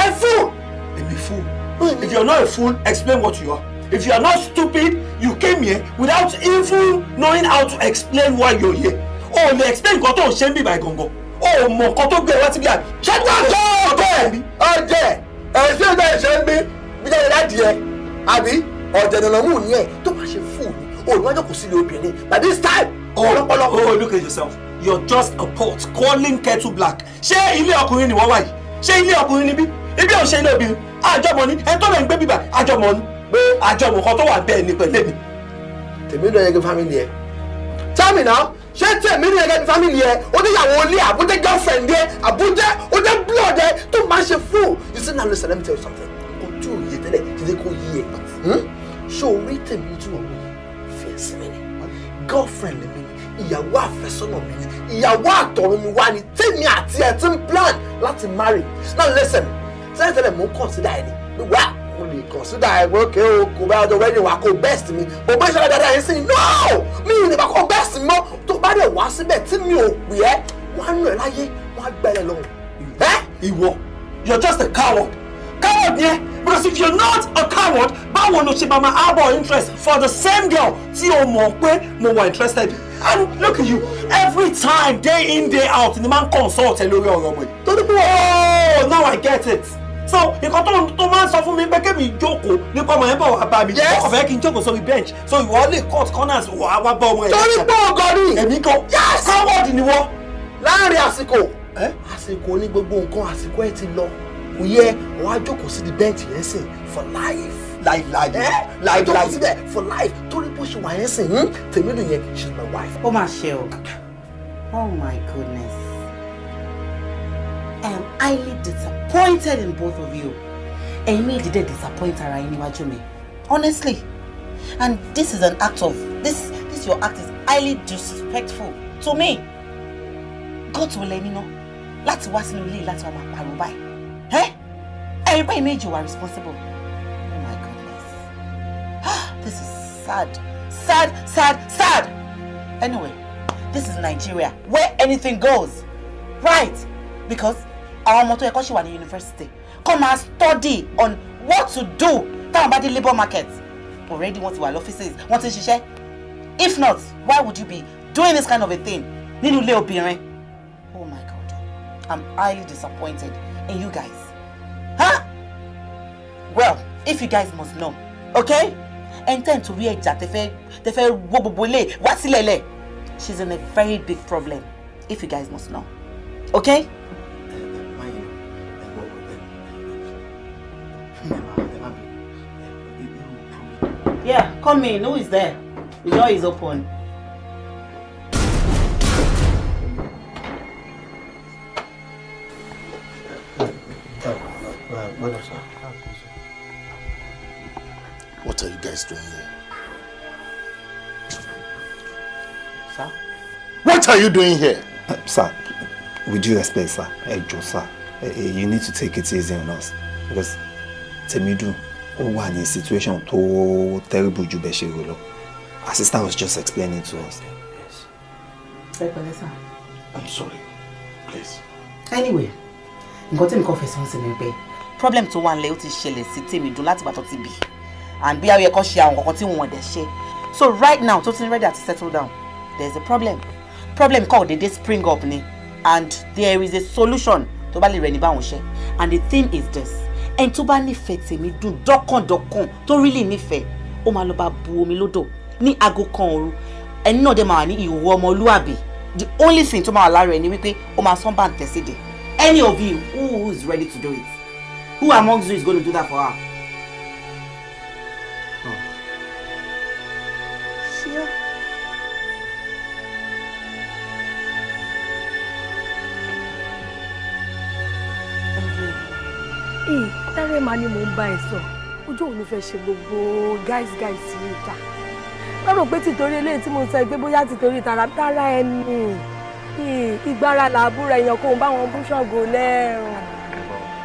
you fool. èmi fool if you are not a fool explain what you are if you are not stupid you came here without even knowing how to explain why you here o oh, lè explain nǹkan tó ń ṣe ń bì báyìí gangan o mọ nǹkan tó gbé ẹ wá síbí àbí. ṣẹ́gun ọjọ́ ọjọ́ ọjọ́ ẹ̀sìn ọjọ́ ìṣẹ́ ń gbé bíjọ́ ìlàjì ẹ àbí ọ̀jẹ̀dẹ̀lọ́mù ni ẹ tó bá ṣe fún mi òun kò sí ilé obìnrin by this time. Oh, ọ̀rọ̀ ọlọ́pọ̀lọpọ̀. oh look at yourself you're just a port calling kettle black. ṣé ilé ọkùnrin ni wọ́n wà yìí ṣé ilé ọkùnrin ni bí ibi ò ṣe ilé obìnrin àjọmọ ni ẹni tó lè ń gbé bíbà àjọmọ ni pé àjọmọ kan tó wà bẹ́ẹ̀ ni pẹ̀lẹ́ mi. tèmi ló yẹ kí fámìlì ẹ tẹ́mi náà ṣé tèmi ló yẹ kí fámìlì ẹ oníyàwó ilé àbújá girlfriend ẹ àbújá ojú blood ẹ tó máa ṣe fún you see now listen let me tell you something ojú òye tẹ́lẹ̀ jíde kó yí ẹ hmm? ṣé orí tèmi ojú àwọn girlfriend ìyàwó àfẹ́sọ́nà mi ni ìyàwó àtọ̀run mi wá ni tèmi àti ẹ̀ ti ń plan láti marry Now lẹ́sẹ̀ mi tẹ́lẹ̀tẹ́lẹ̀ mò ń consider ẹ̀ ni wá mo lè consider ẹ̀ pé okay o kò bá ọjọ́ wedding wa kò best mi kò bá ìṣẹ̀lẹ̀ dáadáa yẹn sí ni no mi ì lè bá kọ́ best mi mọ́ tó bá dẹ̀ wá síbẹ̀ tí mi ò pè ẹ́ wọ́n á nù ẹ́ láyé wọ́n á gbẹ́lẹ̀ lọ́hùn. ìwọ you're just a coward coward yeah. because if you're not a coward báwo ló ṣe máa máa harbour interest for the same girl See, o mọ̀ pé interested and look at you every time day in day out ni máa ń consult ẹ lórí ọ̀rọ̀ ọmọ yìí tó ní pé oh now I get it so nǹkan tó tó máa ń sọ fún mi pé kémi jókòó nípa ọmọ yẹn bọ̀ wá bá mi ó fẹ́ kí n jókòó sórí bench so ìwọ lè cut corners wà wá bá ọmọ yẹn. torí pé ọgọ ni èmi kan coward ni wọ́n. láàrin àsìkò àsìkò ní gbogbo nǹkan àsìkò ẹ ti lọ kò yẹ wàá jókòó sí di bẹ́ǹtì yẹn sìn for life láìláì láìláì jókòó síbẹ̀ for life torí bó ṣe wà yẹn sìn hmm, tèmídùn yẹn she's my wife. ó máa ṣe o oh my goodness i am highly disappointed in both of you ẹ̀yin méjì dẹ̀ disappoint ara yín níwájú mi honestly and this is an act of this this your act is highly disrespectful to me. God tó lẹ́ni náà láti wá sínú ilé láti wá máa pariwo báyìí ẹ eh? everybody! pé you wà responsible oh my goodness ah this is sad sad sad sad anyway this is Nigeria where anything goes right because our motto is yẹ kó ṣì wà ní yunifásitì study on what to do táwọn bá dé labour market already want to wà lọ́fíìsì wọ́n ti ń ṣiṣẹ́ if not why would you be doing this kind of a thing nínú ilé obìnrin oh my god i'm highly disappointed in you guys Huh? Well, if you guys must know, okay? Enter to react that if lele. She's in a very big problem, if you guys must know. Okay? Yeah, come in. Who is there? The door is open. Ah, What are you guys doing here? Sir? What are you doing here? Uh, sir, with due respect, sir, Hey, eh, Joe, sir, uh, you need to take it easy on us because Temidu ó in a situation tó terrible jù be ṣe rò sister was just explaining to us. Yes. Sir. I'm sorry. Please. Anyway, nǹkan tí nǹkan fẹ̀sán sí ni pé problem tó wà nílẹ̀ ó ti ṣẹlẹ̀ sí tèmi dùn láti gbà ti bì and bí àwọn ẹ̀kọ́ ṣe àwọn kankan tí wọ́n dẹ̀ ṣe so right now tó ti ń ready to settle down there is a problem problem kan òdèdè spring up ni and there is a solution tó bá lè rẹ̀ ní báwọn ṣe and the thing is this ẹni tó bá nífẹ̀ẹ́ tèmi dùn dọ́kàndọ́kàn tó really nífẹ̀ẹ́ ó máa lọ bá bu omi lódò ní aago kan òru ẹni náà dẹ̀ máa wà ní ìwọ ọmọlúàbí the only thing tó máa wà lára ẹ ni wípé ó máa sán bá any of you who is ready to do it. Who amongst you is going to do that for her? Sure. Ee, tẹ́rẹ̀ máa ni mò ń bá ẹ sọ, ojú òun ló fẹ́ ṣe gbogbo guys guys yìí ta. Lọ́rọ̀ pé tìtorí eléyìí tí mo sọ pé bóyá tìtorí tara tara ẹni. Ìgbára làbúra èèyàn kò ń bá on bú ṣọ̀gọ̀ lẹ́rùn.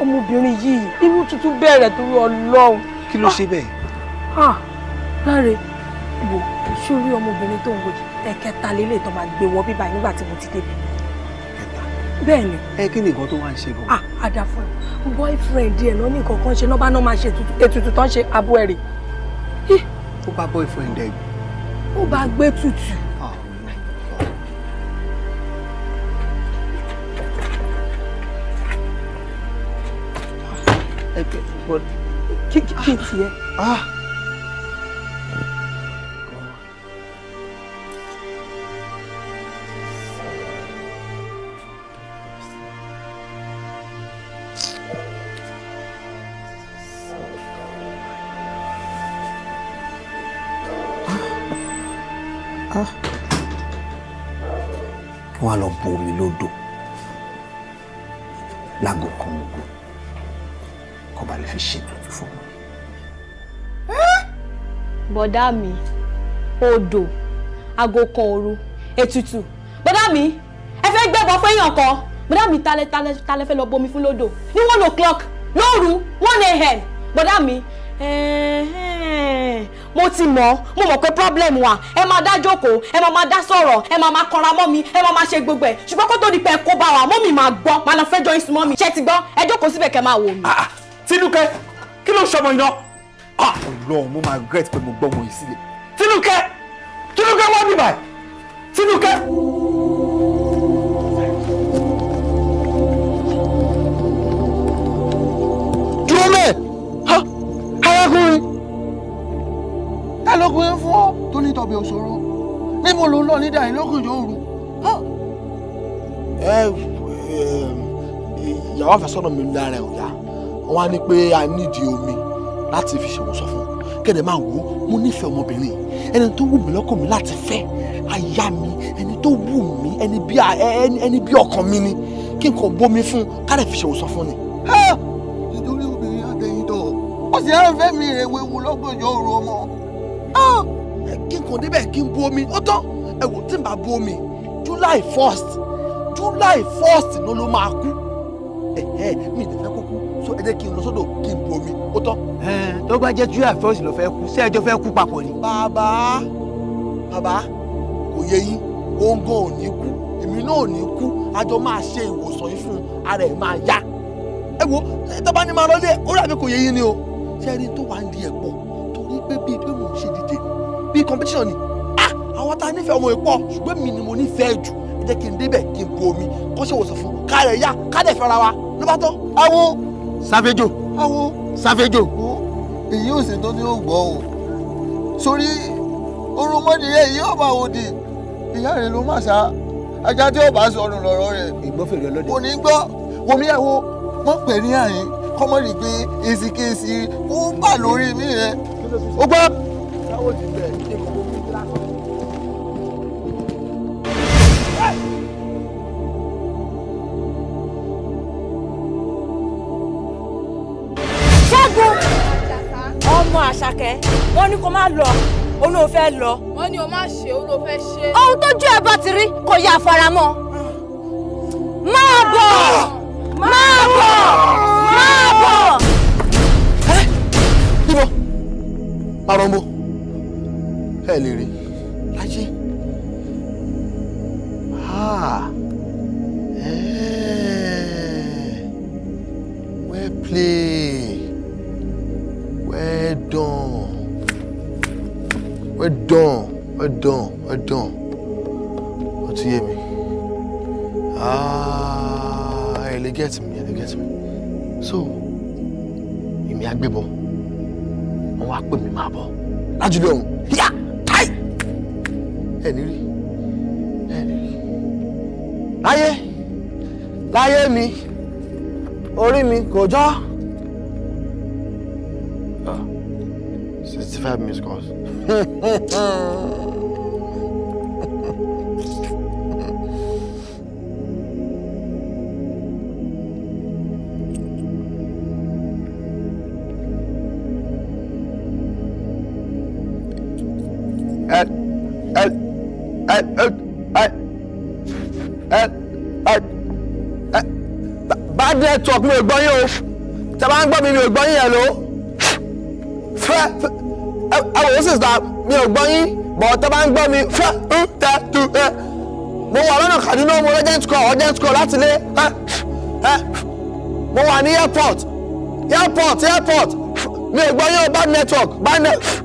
ọmọbìnrin yìí irú tuntun bẹ̀rẹ̀ torí ọlọ́run. kí ló ṣe bẹ́ẹ̀. Ah, ah, láre wo sórí ọmọbìnrin tó ń wò yìí ẹ̀kẹta lélẹ̀ tó máa gbé wọ bíbá nígbà tí mo ti débi. ẹ̀kẹta bẹ́ẹ̀ ni. ẹ kí ni nǹkan tó wá ń ṣe gan. ah adafun boyfriend ẹ lọ ní nǹkan kan ṣe lọ́ba náà máa ṣe ètùtù tán ṣe abọ́ ẹ̀rì. ó bá boyfriend ẹ. ó bá gbé tutù. but kí kí tiẹ̀. Ah, kó ba lè fi ṣe ètùtù fún mi. bọ̀dá mi odò aago kan òru ètùtù bọ̀dá mi ẹ fẹ́ gbẹ́bọ̀ fẹ́yàn kan bọ̀dá mi talẹ́ talẹ́ talẹ́ fẹ́ lọ bomi fún lódò ní one o'clock lóru one a.m. bọ̀dá mi mo ti mọ̀ mo mọ̀ pé problem wa. ẹ máa dá jókòó ẹ máa máa dá sọ̀rọ̀ ẹ máa máa kanra mọ́ mi ẹ máa máa ṣe gbogbo ẹ̀ ṣùgbọ́n kó tó di pé ẹ kó bá wa mọ́ mi máa gbọ́ máa lọ fẹ́ jọ́yìn sí mi ṣe ti gbọ́ ẹ jókòó síbẹ̀ kẹ́ máa wò mí. Ah, ah. Tinúkẹ́ kí ló ń ṣọmọ iná. Ah, Ọlọ́run mo máa regret pé mo gbọ́mọ yìí sílẹ̀. Tinúkẹ́ Tinúkẹ́ wá bíbà Tinúkẹ́. Dúró mẹ́ẹ̀ arákùnrin ta ló gbé fún ọ tó ní tọ̀bẹ̀ òṣòro níbo ló ń lọ ní dàrí lókùnjọ́ òru. Ẹ ẹ ìyàwó àfẹ́sọ́nà mi lára ẹ̀ ò yá wọ́n á ní pé a nídìí omi láti fi ṣèwòsàn fún kẹ́lẹ́ máa wò ó mo nífẹ̀ẹ́ ọmọbìnrin ẹni tó wù mí lọ́kàn mi láti fẹ́ aya mi ẹni tó wù mí ẹni bí ẹni bí ọkàn mi ni kí n kò bomi fún kárẹ̀ fi ṣèwòsàn fún ni. nítorí obìnrin àtẹ̀yìntọ̀ ó sì á fẹ́ mi rèwé wo lọ́gbọ̀njọ́ òru ọmọ. kí n kò débẹ̀ kí n bu omi ó tán ẹ tí n bá bu omi july first july first ló ló máa kú mi ì fẹ́ kó so ẹ jẹ́ kí n lọ sódò kí n bu omi ó tán. tó bá jẹ́ tíyà fẹ́ọ́sì ló fẹ́ kú ṣé ẹjọ́ fẹ́ kú papọ̀ ni. bàbá bàbá kò yẹ yín góńgó ò ní kú èmi náà ò ní kú a jọ máa ṣe ìwòsàn yìí fún ara ẹ̀ máa yá. ẹ wo tọ́ba ni máa lọ́lé orí àmì kò yẹ yín ni o ṣé ẹni tó wà ń di ẹ̀pọ̀ torí pé bíi pé mò ń ṣe dìde bíi competition ni ah, àwọn tá a nífẹ̀ẹ́ ọmọ ìpọ̀ ṣùgbọ́n mi ni mo nífẹ̀ẹ́ jù ẹ jẹ́ kí n débẹ̀ kí n bu omi kó ṣe wòsàn fún kárẹ̀ yá kárẹ̀ fẹ́ra wa ló bá tán. ẹ wo sáfẹ́jọ́ awo sáfẹ́jọ́. èyí ò sì tó ní ò gbọ́ o sórí orúmọdìyẹ èyí ò bá wò di ìyá rẹ ló má sá ajá tí ò bá sọnù lọ́rọ̀ rẹ̀. ìgbọ́ fèrè ọlọ́dẹ. kò ní gbọ́ wọmíyàwó wọ́n pè ní àyín kọ́mọ́rì pé èsì kèsì ó bà lórí mi rẹ̀ ó gbọ́. àṣàkẹ́ wọ́n ní kó má lọ òun ló fẹ́ lọ. wọ́n ní o má ṣe òun ló fẹ́ ṣe. ohun tójú ẹ bá ti rí kò yá àfaramọ́. máa bọ̀ máa bọ̀ máa bọ̀. ẹ bímọ parọmọ ẹ lè rí láyé ẹ ah! eh! well played. ẹ dán ẹ dán ẹ dán ó ti yé mi ah, ẹ lè get me, ẹ lè gẹ́tì mi so èmi àgbébọ wọn wá pè mí máa bọ lájúlé ọhún yá táì ẹ ní ẹ ní láyé láyé mi orí mi kò jọ́. fabulous cause. at, at, bad network mi ò gbọ́ yín o tẹ o me ń gbọ́ mi mi wò ó sì sá mi ò gbọ́ yín bọ̀ tẹ́ bá ń gbọ́ mi fẹ́ ń tẹ́ tu ẹ. mo wà lọ́nà Kaduna mo urgent call urgent call láti lé ẹ ẹ mo wà ní airport airport airport mi ò gbọ́ yín o bad network bad network.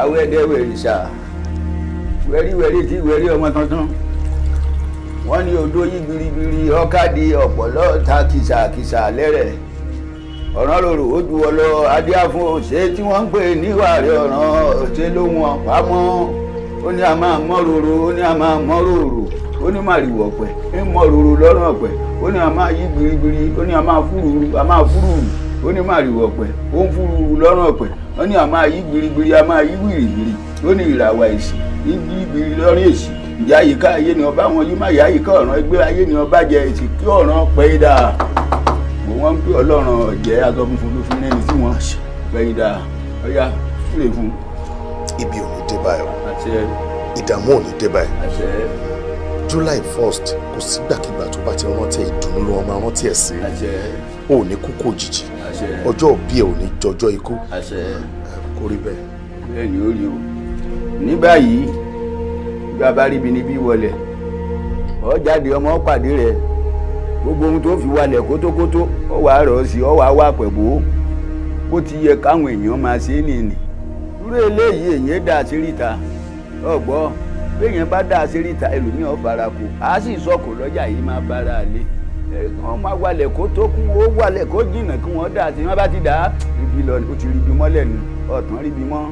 awẹ́dẹ́wẹ̀rìṣà wẹ́ríwẹ́rí tí wẹ́rí ọmọ tuntun wọ́n ní odó yí biribiri ọ̀kadì ọpọlọ ta kìsàkìsà lẹ́rẹ̀ ọ̀ràn lòrò ó ju ọlọ adíáfún ọsẹ tí wọ́n ń pè níwàárẹ̀ ọ̀ràn ló wọn pamọ́ ó ní a máa mọ́ ó ní a máa mọ́ ó ní ń ó ní a máa yí ó ní a wọ́n ní a máa gbirigbiri a máa yí wìrìwìrì ó ní ìràwọ̀ èsì ní gbirigbiri lọ́rùn èsì ìyá àyíká ayé ni ọba wọn yí má ìyá àyíká ọ̀ràn ẹgbẹ́ ayé ni ọba jẹ èsì kí ọ̀ràn pẹ́ dà bò wọ́n ń pè ọlọ́run ọ̀jẹ́ aṣọ funfun ló fi tí wọ́n pẹ́ dà ọ̀yà fúre fún. ibi ò ní dé báyọ̀ ìdààmú ò ní dé báyọ̀ july first kò sígbàkigbà tó bá ti rántí ìdùnnú ló máa rántí ẹ̀ sí ò ní kúkú òjijì ọjọ́ òbí ẹ̀ ò ní jọjọ́ ikú kò rí bẹ́ẹ̀. bẹ́ẹ̀ ni ó rí o ní báyìí bí a bá ríbi níbí wọlé ọ jáde ọmọ pàdé rẹ gbogbo ohun tó fi wálẹ̀ kótókótó ọ wàá rọ̀ sí ọ wàá wà pẹ̀bù ó ti yẹ káwọn èèyàn máa ṣe é nìyí. dúró eléyìí èèyàn dà sí ríta ọgbọ́n béèyàn bá dá aṣeré ìta ẹlòmíì ọ̀ fara kù á sì sọkò lọ́jà yìí máa bára lé wọ́n máa wálẹ̀ kó tó kún ó wálẹ̀ kó jìnnà kí wọ́n dà tí wọ́n bá ti dà á ibi lọ o ti ribi mọ́lẹ̀ nu ọ̀tún ribi mọ́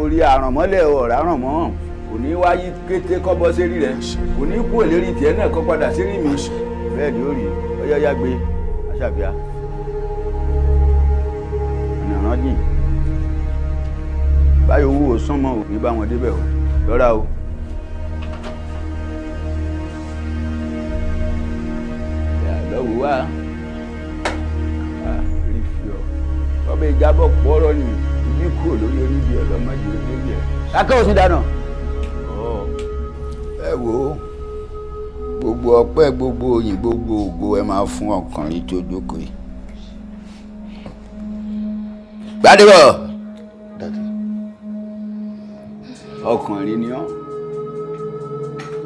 orí àrànmọ́lẹ̀ ọ̀rá ràn mọ́ kò ní wáyé kété kọ́bọ́ sérí rẹ̀ kò ní kú èlérí tiẹ̀ náà kọ́ padà sérí mi bẹ́ẹ̀ ni ó rí ọyọ́yá gbé aṣàbíà ọ̀nà àránjìn báyọ̀ owó sánmọ́ òbí bá wọn débẹ̀ o lọ́ra o. wá ah, rí fi ọ ọbẹ ìjábọ̀ pọrọ ni ibi kúrò lórí oníbi ọlọmọdé olórí ẹ. kákẹ́ òsì dáná. ẹ wo gbogbo ọpẹ́ gbogbo oyin gbogbo ògo ẹ máa fún ọkùnrin tó jókòó yìí. gbadebo ọkùnrin ni ọ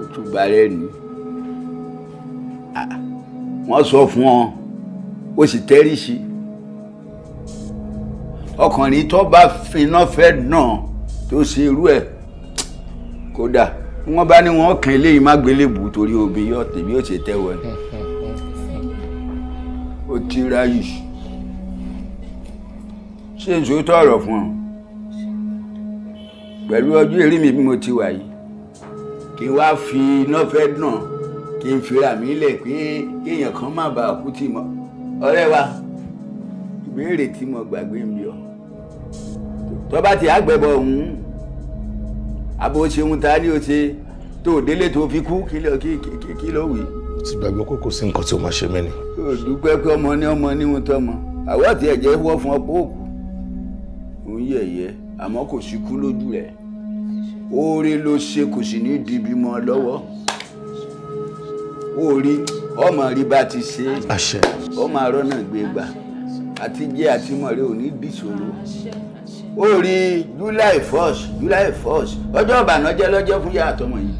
ó tún balẹ̀ ni. Ah wọ́n sọ fún ọ ó sì tẹ́rí sí ọkùnrin tó bá finá fẹ́ náà tó ṣe irú ẹ̀ kódà wọ́n bá ní wọ́n kàn eléyìí má gbélébù torí obì yọ tèmi ó ṣe tẹ́wọ́ ẹ̀ ó ti ráyè ṣé n sòótọ́ ọ̀rọ̀ fún ọ pẹ̀lú ọjọ́ eré mi bí mo ti wà yìí kí wá fi iná fẹ́ náà kí n fira mi lẹ̀ pé kéèyàn kan má bàa kú tì mọ́ ọ̀rẹ́ wa ìbéèrè tí mo gbàgbé mi ọ tọ́ba ti àgbẹ̀bọ ọ̀hún àbò ṣeun ta ni o ṣe tó délé tó fi kú kí ló wí. ti gbàgbọ́ pé kò sí nǹkan tí o máa ṣe mí ni. yóò dúpẹ́ pé ọmọ ní ọmọ níhun tọmọ àwọn àti ẹ̀jẹ̀ wọ́ fún ọpọ́ òkú òun yẹ̀yẹ́ àmọ́ kò sí kú lójú rẹ̀ oore ló ṣe kò sì ní dìbìmọ̀ lọ́wọ́ orí ọmọ rí bá ti ṣe é àṣẹ ọmọ arọ́nà gbé gbà àti jẹ́ àti mọ̀rẹ́ ò ní dìṣòro orí July 1st July 1st ọjọ́ ìbànújẹ́ lọ́jọ́ fún yàrá àtọmọ yìí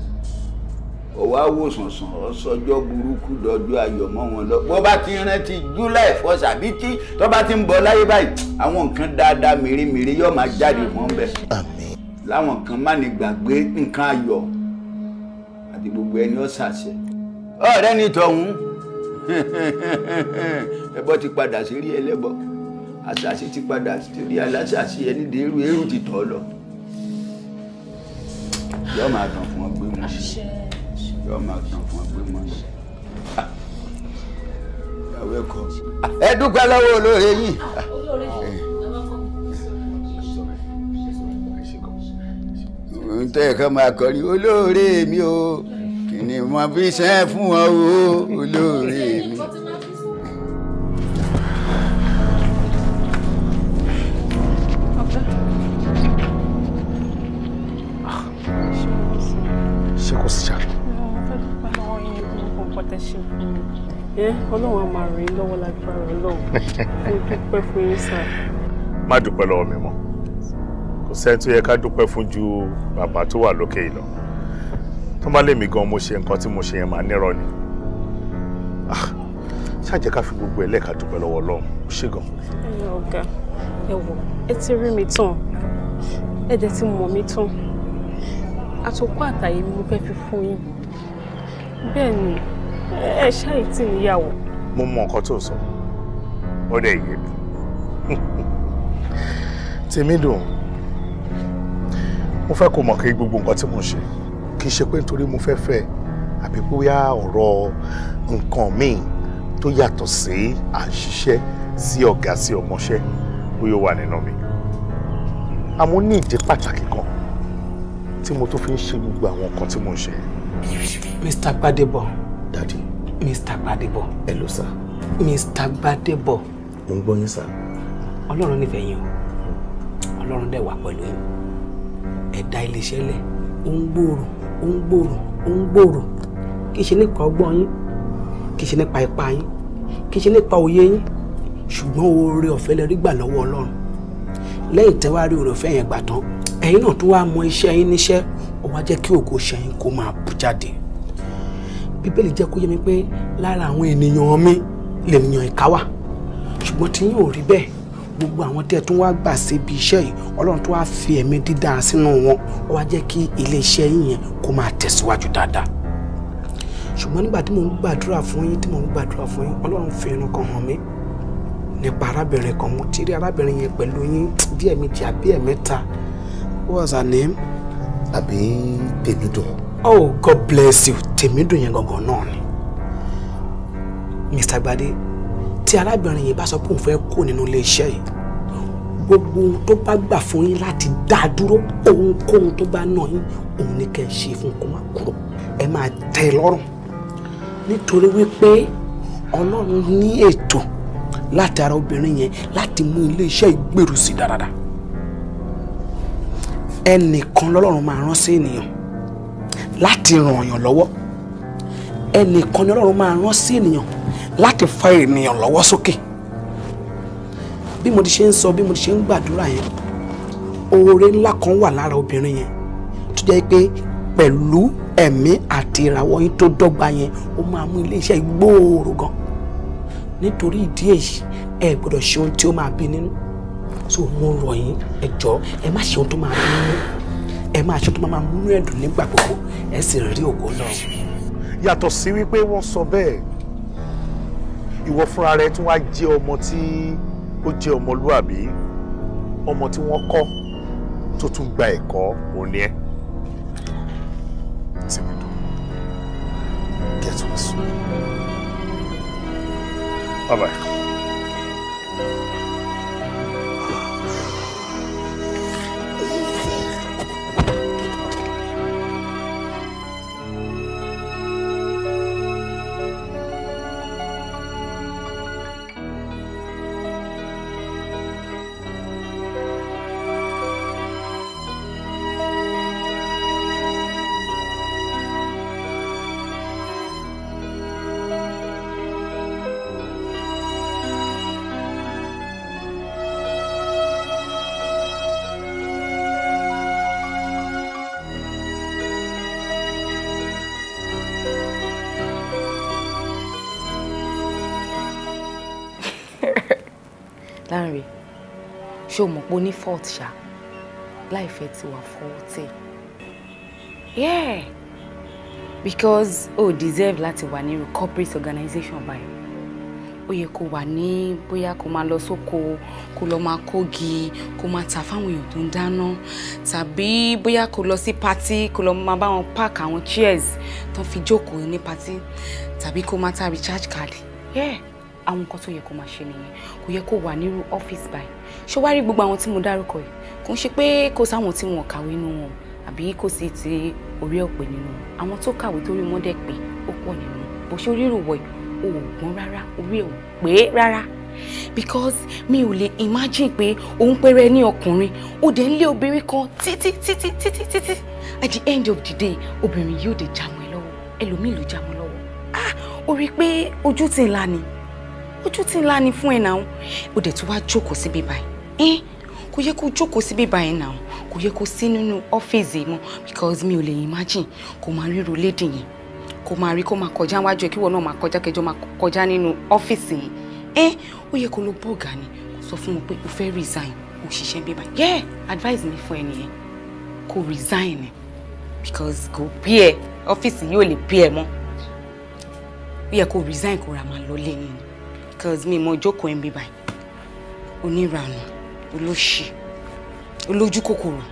ọwọ́ awòsànsàn ọ̀sọ́jọ́ burúkú dọ́jú ayọ̀ mọ́ wọn lọ bó bá ti rántí July 1st àbí tí tó bá ti ń bọ̀ láyé báyìí àwọn nǹkan dáadáa mèremère yóò máa jáde mọ́ ń bẹ̀. àmín. láwọn kan má ní gbàgbé nǹkan ayọ̀ àti gbogbo ẹni ọ̀sàṣẹ́ ọ̀rẹ́ ni tọ̀hún ẹbọ ti padà sí rí ẹlẹ́bọ àṣàṣì ti padà sí rí aláṣàṣì ẹni dé eru eru ti tọ̀ lọ yọ máa tàn fún ọ gbé mọ yọ máa tàn fún ọ gbé mọ ìyàwó ẹkọ ẹ dúpẹ́ lọ́wọ́ olóore yìí. n eh. tẹ́ ẹ̀ka máa kọrin olóore mi o ni mo fi ṣe fún ọ o olóore mi. ṣé kò sí ṣáà. ọlọ́run a máa ràn yín lọ́wọ́ lágbára ọlọ́run mo má dúpẹ́ lọ́wọ́ mi mọ́ kò sẹ́ni tó yẹ ká dúpẹ́ fún ju bàbá tó wà lókè yìí lọ tó bá lèmi gan mo ṣe nǹkan tí mo ṣe yẹn máa nírọ̀ ni ah, ṣáàjẹ́ ká fi gbogbo ẹ̀ lẹ́ka dúpẹ́ lọ́wọ́ ọlọ́run ó ṣe gan. ẹ̀yin ọ̀gá ẹ wò ẹ ti rí mi tán ẹ dẹ̀ ti mọ̀ mi tán àtòkọ́ àtàyè mi mo fẹ́ fi fún yín bẹ́ẹ̀ ni ẹ ṣáàyè tì níyàwó. mo mọ nǹkan tó sọ ó dẹ̀ yé mi tèmi dùn mo fẹ́ kó mọ̀ kí gbogbo nǹkan tí mo ṣe kì í ṣe pé nítorí mo fẹ́ fẹ́ àbí bóyá ọ̀rọ̀ nǹkan míì tó yàtọ̀ sí à ń ṣiṣẹ́ sí ọ̀gá sí ọmọṣẹ́ bóyá ó wà nínú mi àmọ́ ní ìdí pàtàkì kan tí mo tó fi ń ṣe gbogbo àwọn nǹkan tí mo ń ṣe. Mr. Gbadebo. Daddy. Mr. Gbadebo. Hello sir. Mr. Gbadebo. Mo ń gbọ́ yín sir. Ọlọ́run nífẹ̀ẹ́ yín o. Ọlọ́run dẹ̀ wà pẹ̀lú yín. Ẹ̀dá iléeṣẹ́ lẹ̀ ó ń gbòòrò ó ń gbòòrò ó ń gbòòrò kì í ṣe nípa ọgbọ́n yín kì í ṣe nípa ipá yín kì í ṣe nípa òye yín ṣùgbọ́n oore ọ̀fẹ́ lẹ rí gbà lọ́wọ́ ọlọ́run lẹ́yìn tẹ́ wá rí oore ọ̀fẹ́ yẹn gbà tán ẹ̀yin náà tó wá mọ iṣẹ́ yín níṣẹ́ ó wá jẹ́ kí ògo ṣẹ̀yìn kó máa bù jáde bíbélì jẹ́ kó yé mi pé lára àwọn ènìyàn mi lènìyàn ìkáwà ṣùgbọ́n tí yín ò rí bẹ́ẹ̀ gbogbo àwọn tẹ́ tún wá gbà síbi iṣẹ́ yìí ọlọ́run tó wá fi ẹ̀mí dídá sínú wọn ó wá jẹ́ kí iléeṣẹ́ yìí yẹn kó máa tẹ̀síwájú dáadáa ṣùgbọ́n nígbà tí mò ń gbàdúrà fún yín tí mò ń gbàdúrà fún yín ọlọ́run fi irun kan hàn mí nípa arábìnrin kan mo ti rí arábìnrin yẹn pẹ̀lú yín bí ẹ̀mejì àbí ẹ̀mẹ́ta what was her name. àbí tèmídùn. oh god bless you tèmídùn yẹn gangan náà ni mr gbadé tí arábìnrin yìí bá sọ pé òun fẹ́ kó nínú iléeṣẹ́ yìí gbogbo tó bá gbà fún yín láti dá a dúró ohunkóhun tó bá nà yín òun ni kẹ́ ẹ ṣe fún kó má kúrò ẹ máa tẹ́ ẹ lọ́rùn nítorí wípé ọlọ́run ní ètò láti ara obìnrin yẹn láti mú iléeṣẹ́ ìgbèrú sí dáadáa ẹnìkan lọ́lọ́run máa rán sí ènìyàn láti ràn yàn lọ́wọ́ ẹnìkan lọ́lọ́run máa rán sí ènìyàn láti fa ènìyàn lọ́wọ́ sókè bí mo ti ṣe ń sọ bí mo ti ṣe ń gbàdúrà yẹn oore ńlá kan wà lára obìnrin yẹn tó jẹ́ pé pẹ̀lú ẹ̀mí àti ìràwọ̀ yín tó dọ́gba yẹn ó máa mú iléeṣẹ́ gbòòrò gan nítorí ìdí èyí ẹ gbọ́dọ̀ ṣe ohun tí ó máa bí nínú so mo rọ̀ yín ẹ jọ̀ọ́ ẹ má ṣe ohun tó máa bí nínú ẹ máa ṣe ohun tó máa múnú ẹ̀dùn nígbà gbogbo ẹ sì rí ògo náà. yàtọ̀ sí wípé wọ́n sọ bẹ́ẹ̀ ìwọ fúnra rẹ tún wá jẹ́ ọmọ tí ó jẹ́ ọmọlúàbí ọmọ tí wọ́n kọ́ tó tún gba ẹ̀kọ́ òun ni ẹ́. Tìmídò get well soon. Bye bye. ṣé o mọ̀ pé o ní fault ṣá láìfẹ́ ti wà faulty yeah because o oh, deserve láti wà ní corporate organization báyìí ó yẹ kó wà ní bóyá kó máa lọ sóko kó lọ máa kógi kó máa ta fáwọn èèyàn tó ń dáná tàbí bóyá kó lọ sí pati kó lọ máa bá wọn park àwọn chairs tó ń fi jókòó ní pati tàbí kó máa ta recharge card yeah àwọn nǹkan tó yẹ kó máa ṣe nìyẹn kò yẹ kó wà nírú ọ́fíìsì báyìí ṣé wàá rí gbogbo àwọn tí mo dárúkọ yìí kò ń ṣe pé kò sáwọn tí wọn kàwé nínú wọn àbí kò sí ti orí ọ̀pẹ nínú wọn àwọn tó kàwé torí wọn dẹ̀ pé ó pọ̀ nínú bó ṣe orí ìrùwọ̀ yìí ò gbọ́n rárá orí ẹ̀ ò pé rárá because mi ò lè imagine pé òun péré ní ọkùnrin ó dẹ̀ ń lé obìnrin kan títí títí títí títí at the end of the day obìnrin yóò dé jámọ́ ẹ lọ́wọ́ ẹlòmíì ló jámọ́ lọ́wọ́ ah ó rí i pé ojú ti ń la ni ojú tí ńlá ni fún ẹ náà ó dẹ̀ tún wá jókòó síbí báyìí kò yẹ kó jókòó síbí báyìí náà kò yẹ kó sí nínú ọ́fíìsì mọ́ because mi ò lè imagine kó máa ríru lédè yẹn kó máa rí kó máa kọjá wájú ẹ kí wọn náà máa kọjá kẹjọ máa kọjá nínú ọ́fíìsì yẹn ẹ ó yẹ kó lọ bọ́ọ̀gà ni kó sọ fún wọn pé o fẹ́ resign o ṣiṣẹ́ bíbá yeah advice mi fún ẹ nìyẹn kó resign because kò bí ẹ ọ́fíìsì yóò lè bí ẹ mọ́ ó yẹ kó resign kó ra máa lọ lẹ́yìn cause mi mọ Joko ẹ̀ ń bí báyìí oníranù olóṣì olójú kòkòrò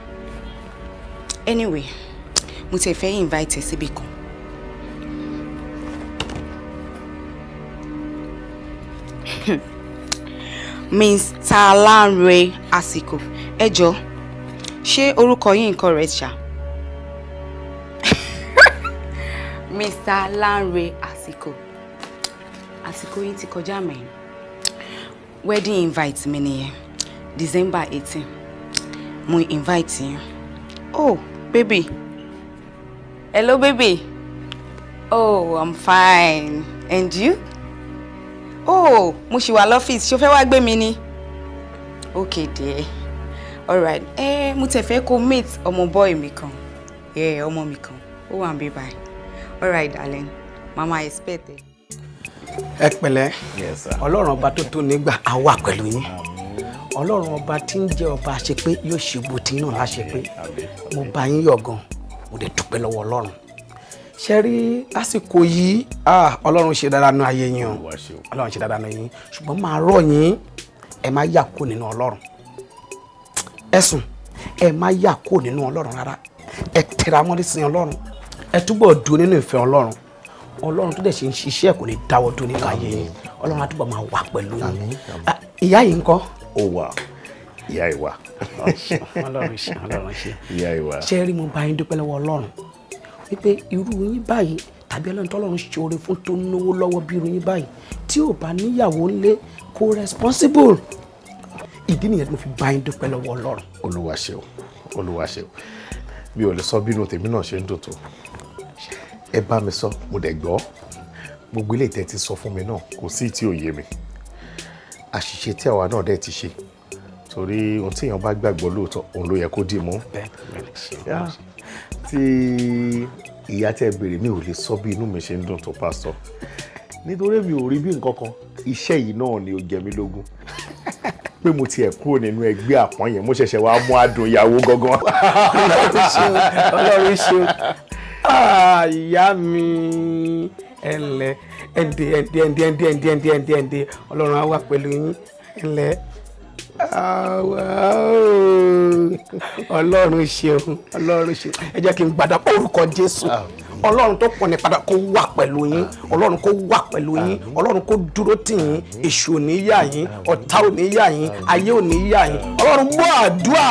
anyway mo ti fẹ́ invite ẹ síbi kan. Mr. Lanre Asiko ẹ jọ ṣé orúkọ yìí nǹkan rẹ ṣá Mr. Lanre Asiko àsìkò yín ti kọjá mẹ́rin wedding invite mi nìyẹn December eighteen mo invite yín oh baby hello baby oh I'm fine and you oh mo ṣì wà lọ́fíìsì ṣó fẹ́ wá gbé mi ni okay dear alright ẹ mo tẹ̀ fẹ́ kó meet ọmọ boy mi kan ọmọ mi kan ó wà ń bí báyìí alright darling mama expect it ẹ pẹ̀lẹ́ ọlọ́run ọba tó tó nígbà á wà pẹ̀lú yín ọlọ́run ọba tí ń jẹ́ ọba àṣepé yóò ṣe bó ti náà láṣepé mo bá yín yọ̀ gan mo lè dúpẹ́ lọ́wọ́ ọlọ́run ṣe rí lásìkò yìí ọlọ́run ṣe dáadáa nu ayé yín o ọlọ́run ṣe dáadáa nu yín ṣùgbọ́n máa rọ̀ yín ẹ má yà kó nínú ọlọ́run ẹ̀sùn ẹ má yà kó nínú ọlọ́run rárá ẹ tẹra mọ́ nísìnyí ẹ túbọ̀ dúró nínú ìfẹ́ ọlọ́run ọlọ́run tó dẹ̀ ṣe ń ṣiṣẹ́ kò lè dáwọ́ dún nínú ayé yìí ọlọ́run àdúgbò máa wà pẹ̀lú yín ah, ìyá yìí ńkọ́. ó wà ìyá ìwà. ọlọ́run ṣe ọlọ́run ṣe ìyá ìwà. ṣé rí mo bá yín dúpẹ́ lọ́wọ́ ọlọ́run wípé irú yín báyìí tàbí ọlọ́run tọ́lọ́run ṣe oore fún tó náwó lọ́wọ́ bí irú yín báyìí tí ò bá níyàwó ńlé kó responsible ìdí nìyẹn tí mo fi bá yín dúpẹ́ lọ́wọ́ ọlọ́run. olúwa ṣeun olúwa ṣeun mi ò lè sọ bínú tèmi náà ṣe ń dùn tó ẹ bá mi sọ mo dẹ̀ gbọ́ gbogbo ilé ìtẹ́ ti sọ fún mi náà kò sí tí ò yé mi àṣìṣe tí àwa náà dẹ̀ ti ṣe torí ohun tí èèyàn bá gbàgbọ́ lóòótọ́ òun ló yẹ kó dì mú tí ìyá tẹ́ béèrè mi ò lè sọ bí inú mi ṣe ń dùn tó pásítọ̀ nítorí mi ò rí bí nǹkan kan iṣẹ́ yìí náà ni ó jẹ mí lógún pé mo tiẹ̀ kúrò nínú ẹgbẹ́ àpọ́n yẹn mo ṣẹ̀ṣẹ̀ wá mú adùn ìyàwó gangan. ọlọ́run ṣeun ọlọ́run ṣeun Ah, ìyá mi ẹnlẹ ẹndẹ ẹndẹ ẹndẹ ẹndẹ ẹndẹ ẹndẹ ẹndẹ ẹndẹ Ọlọ́run á wà pẹ̀lú yín ẹnlẹ Ọlọ́run ṣeun Ọlọ́run ṣeun ẹ jẹ́ kí n gbàdá orúkọ Jésù ọlọ́run tó pọ̀ ní padà kó wà pẹ̀lú yín ọlọ́run kó wà pẹ̀lú yín ọlọ́run kó dúró tì yín èṣù ò ní yà yín ọ̀tá ò ní yà yín ayé ò ní yà yín ọlọ́run gbọ́ àdúrà.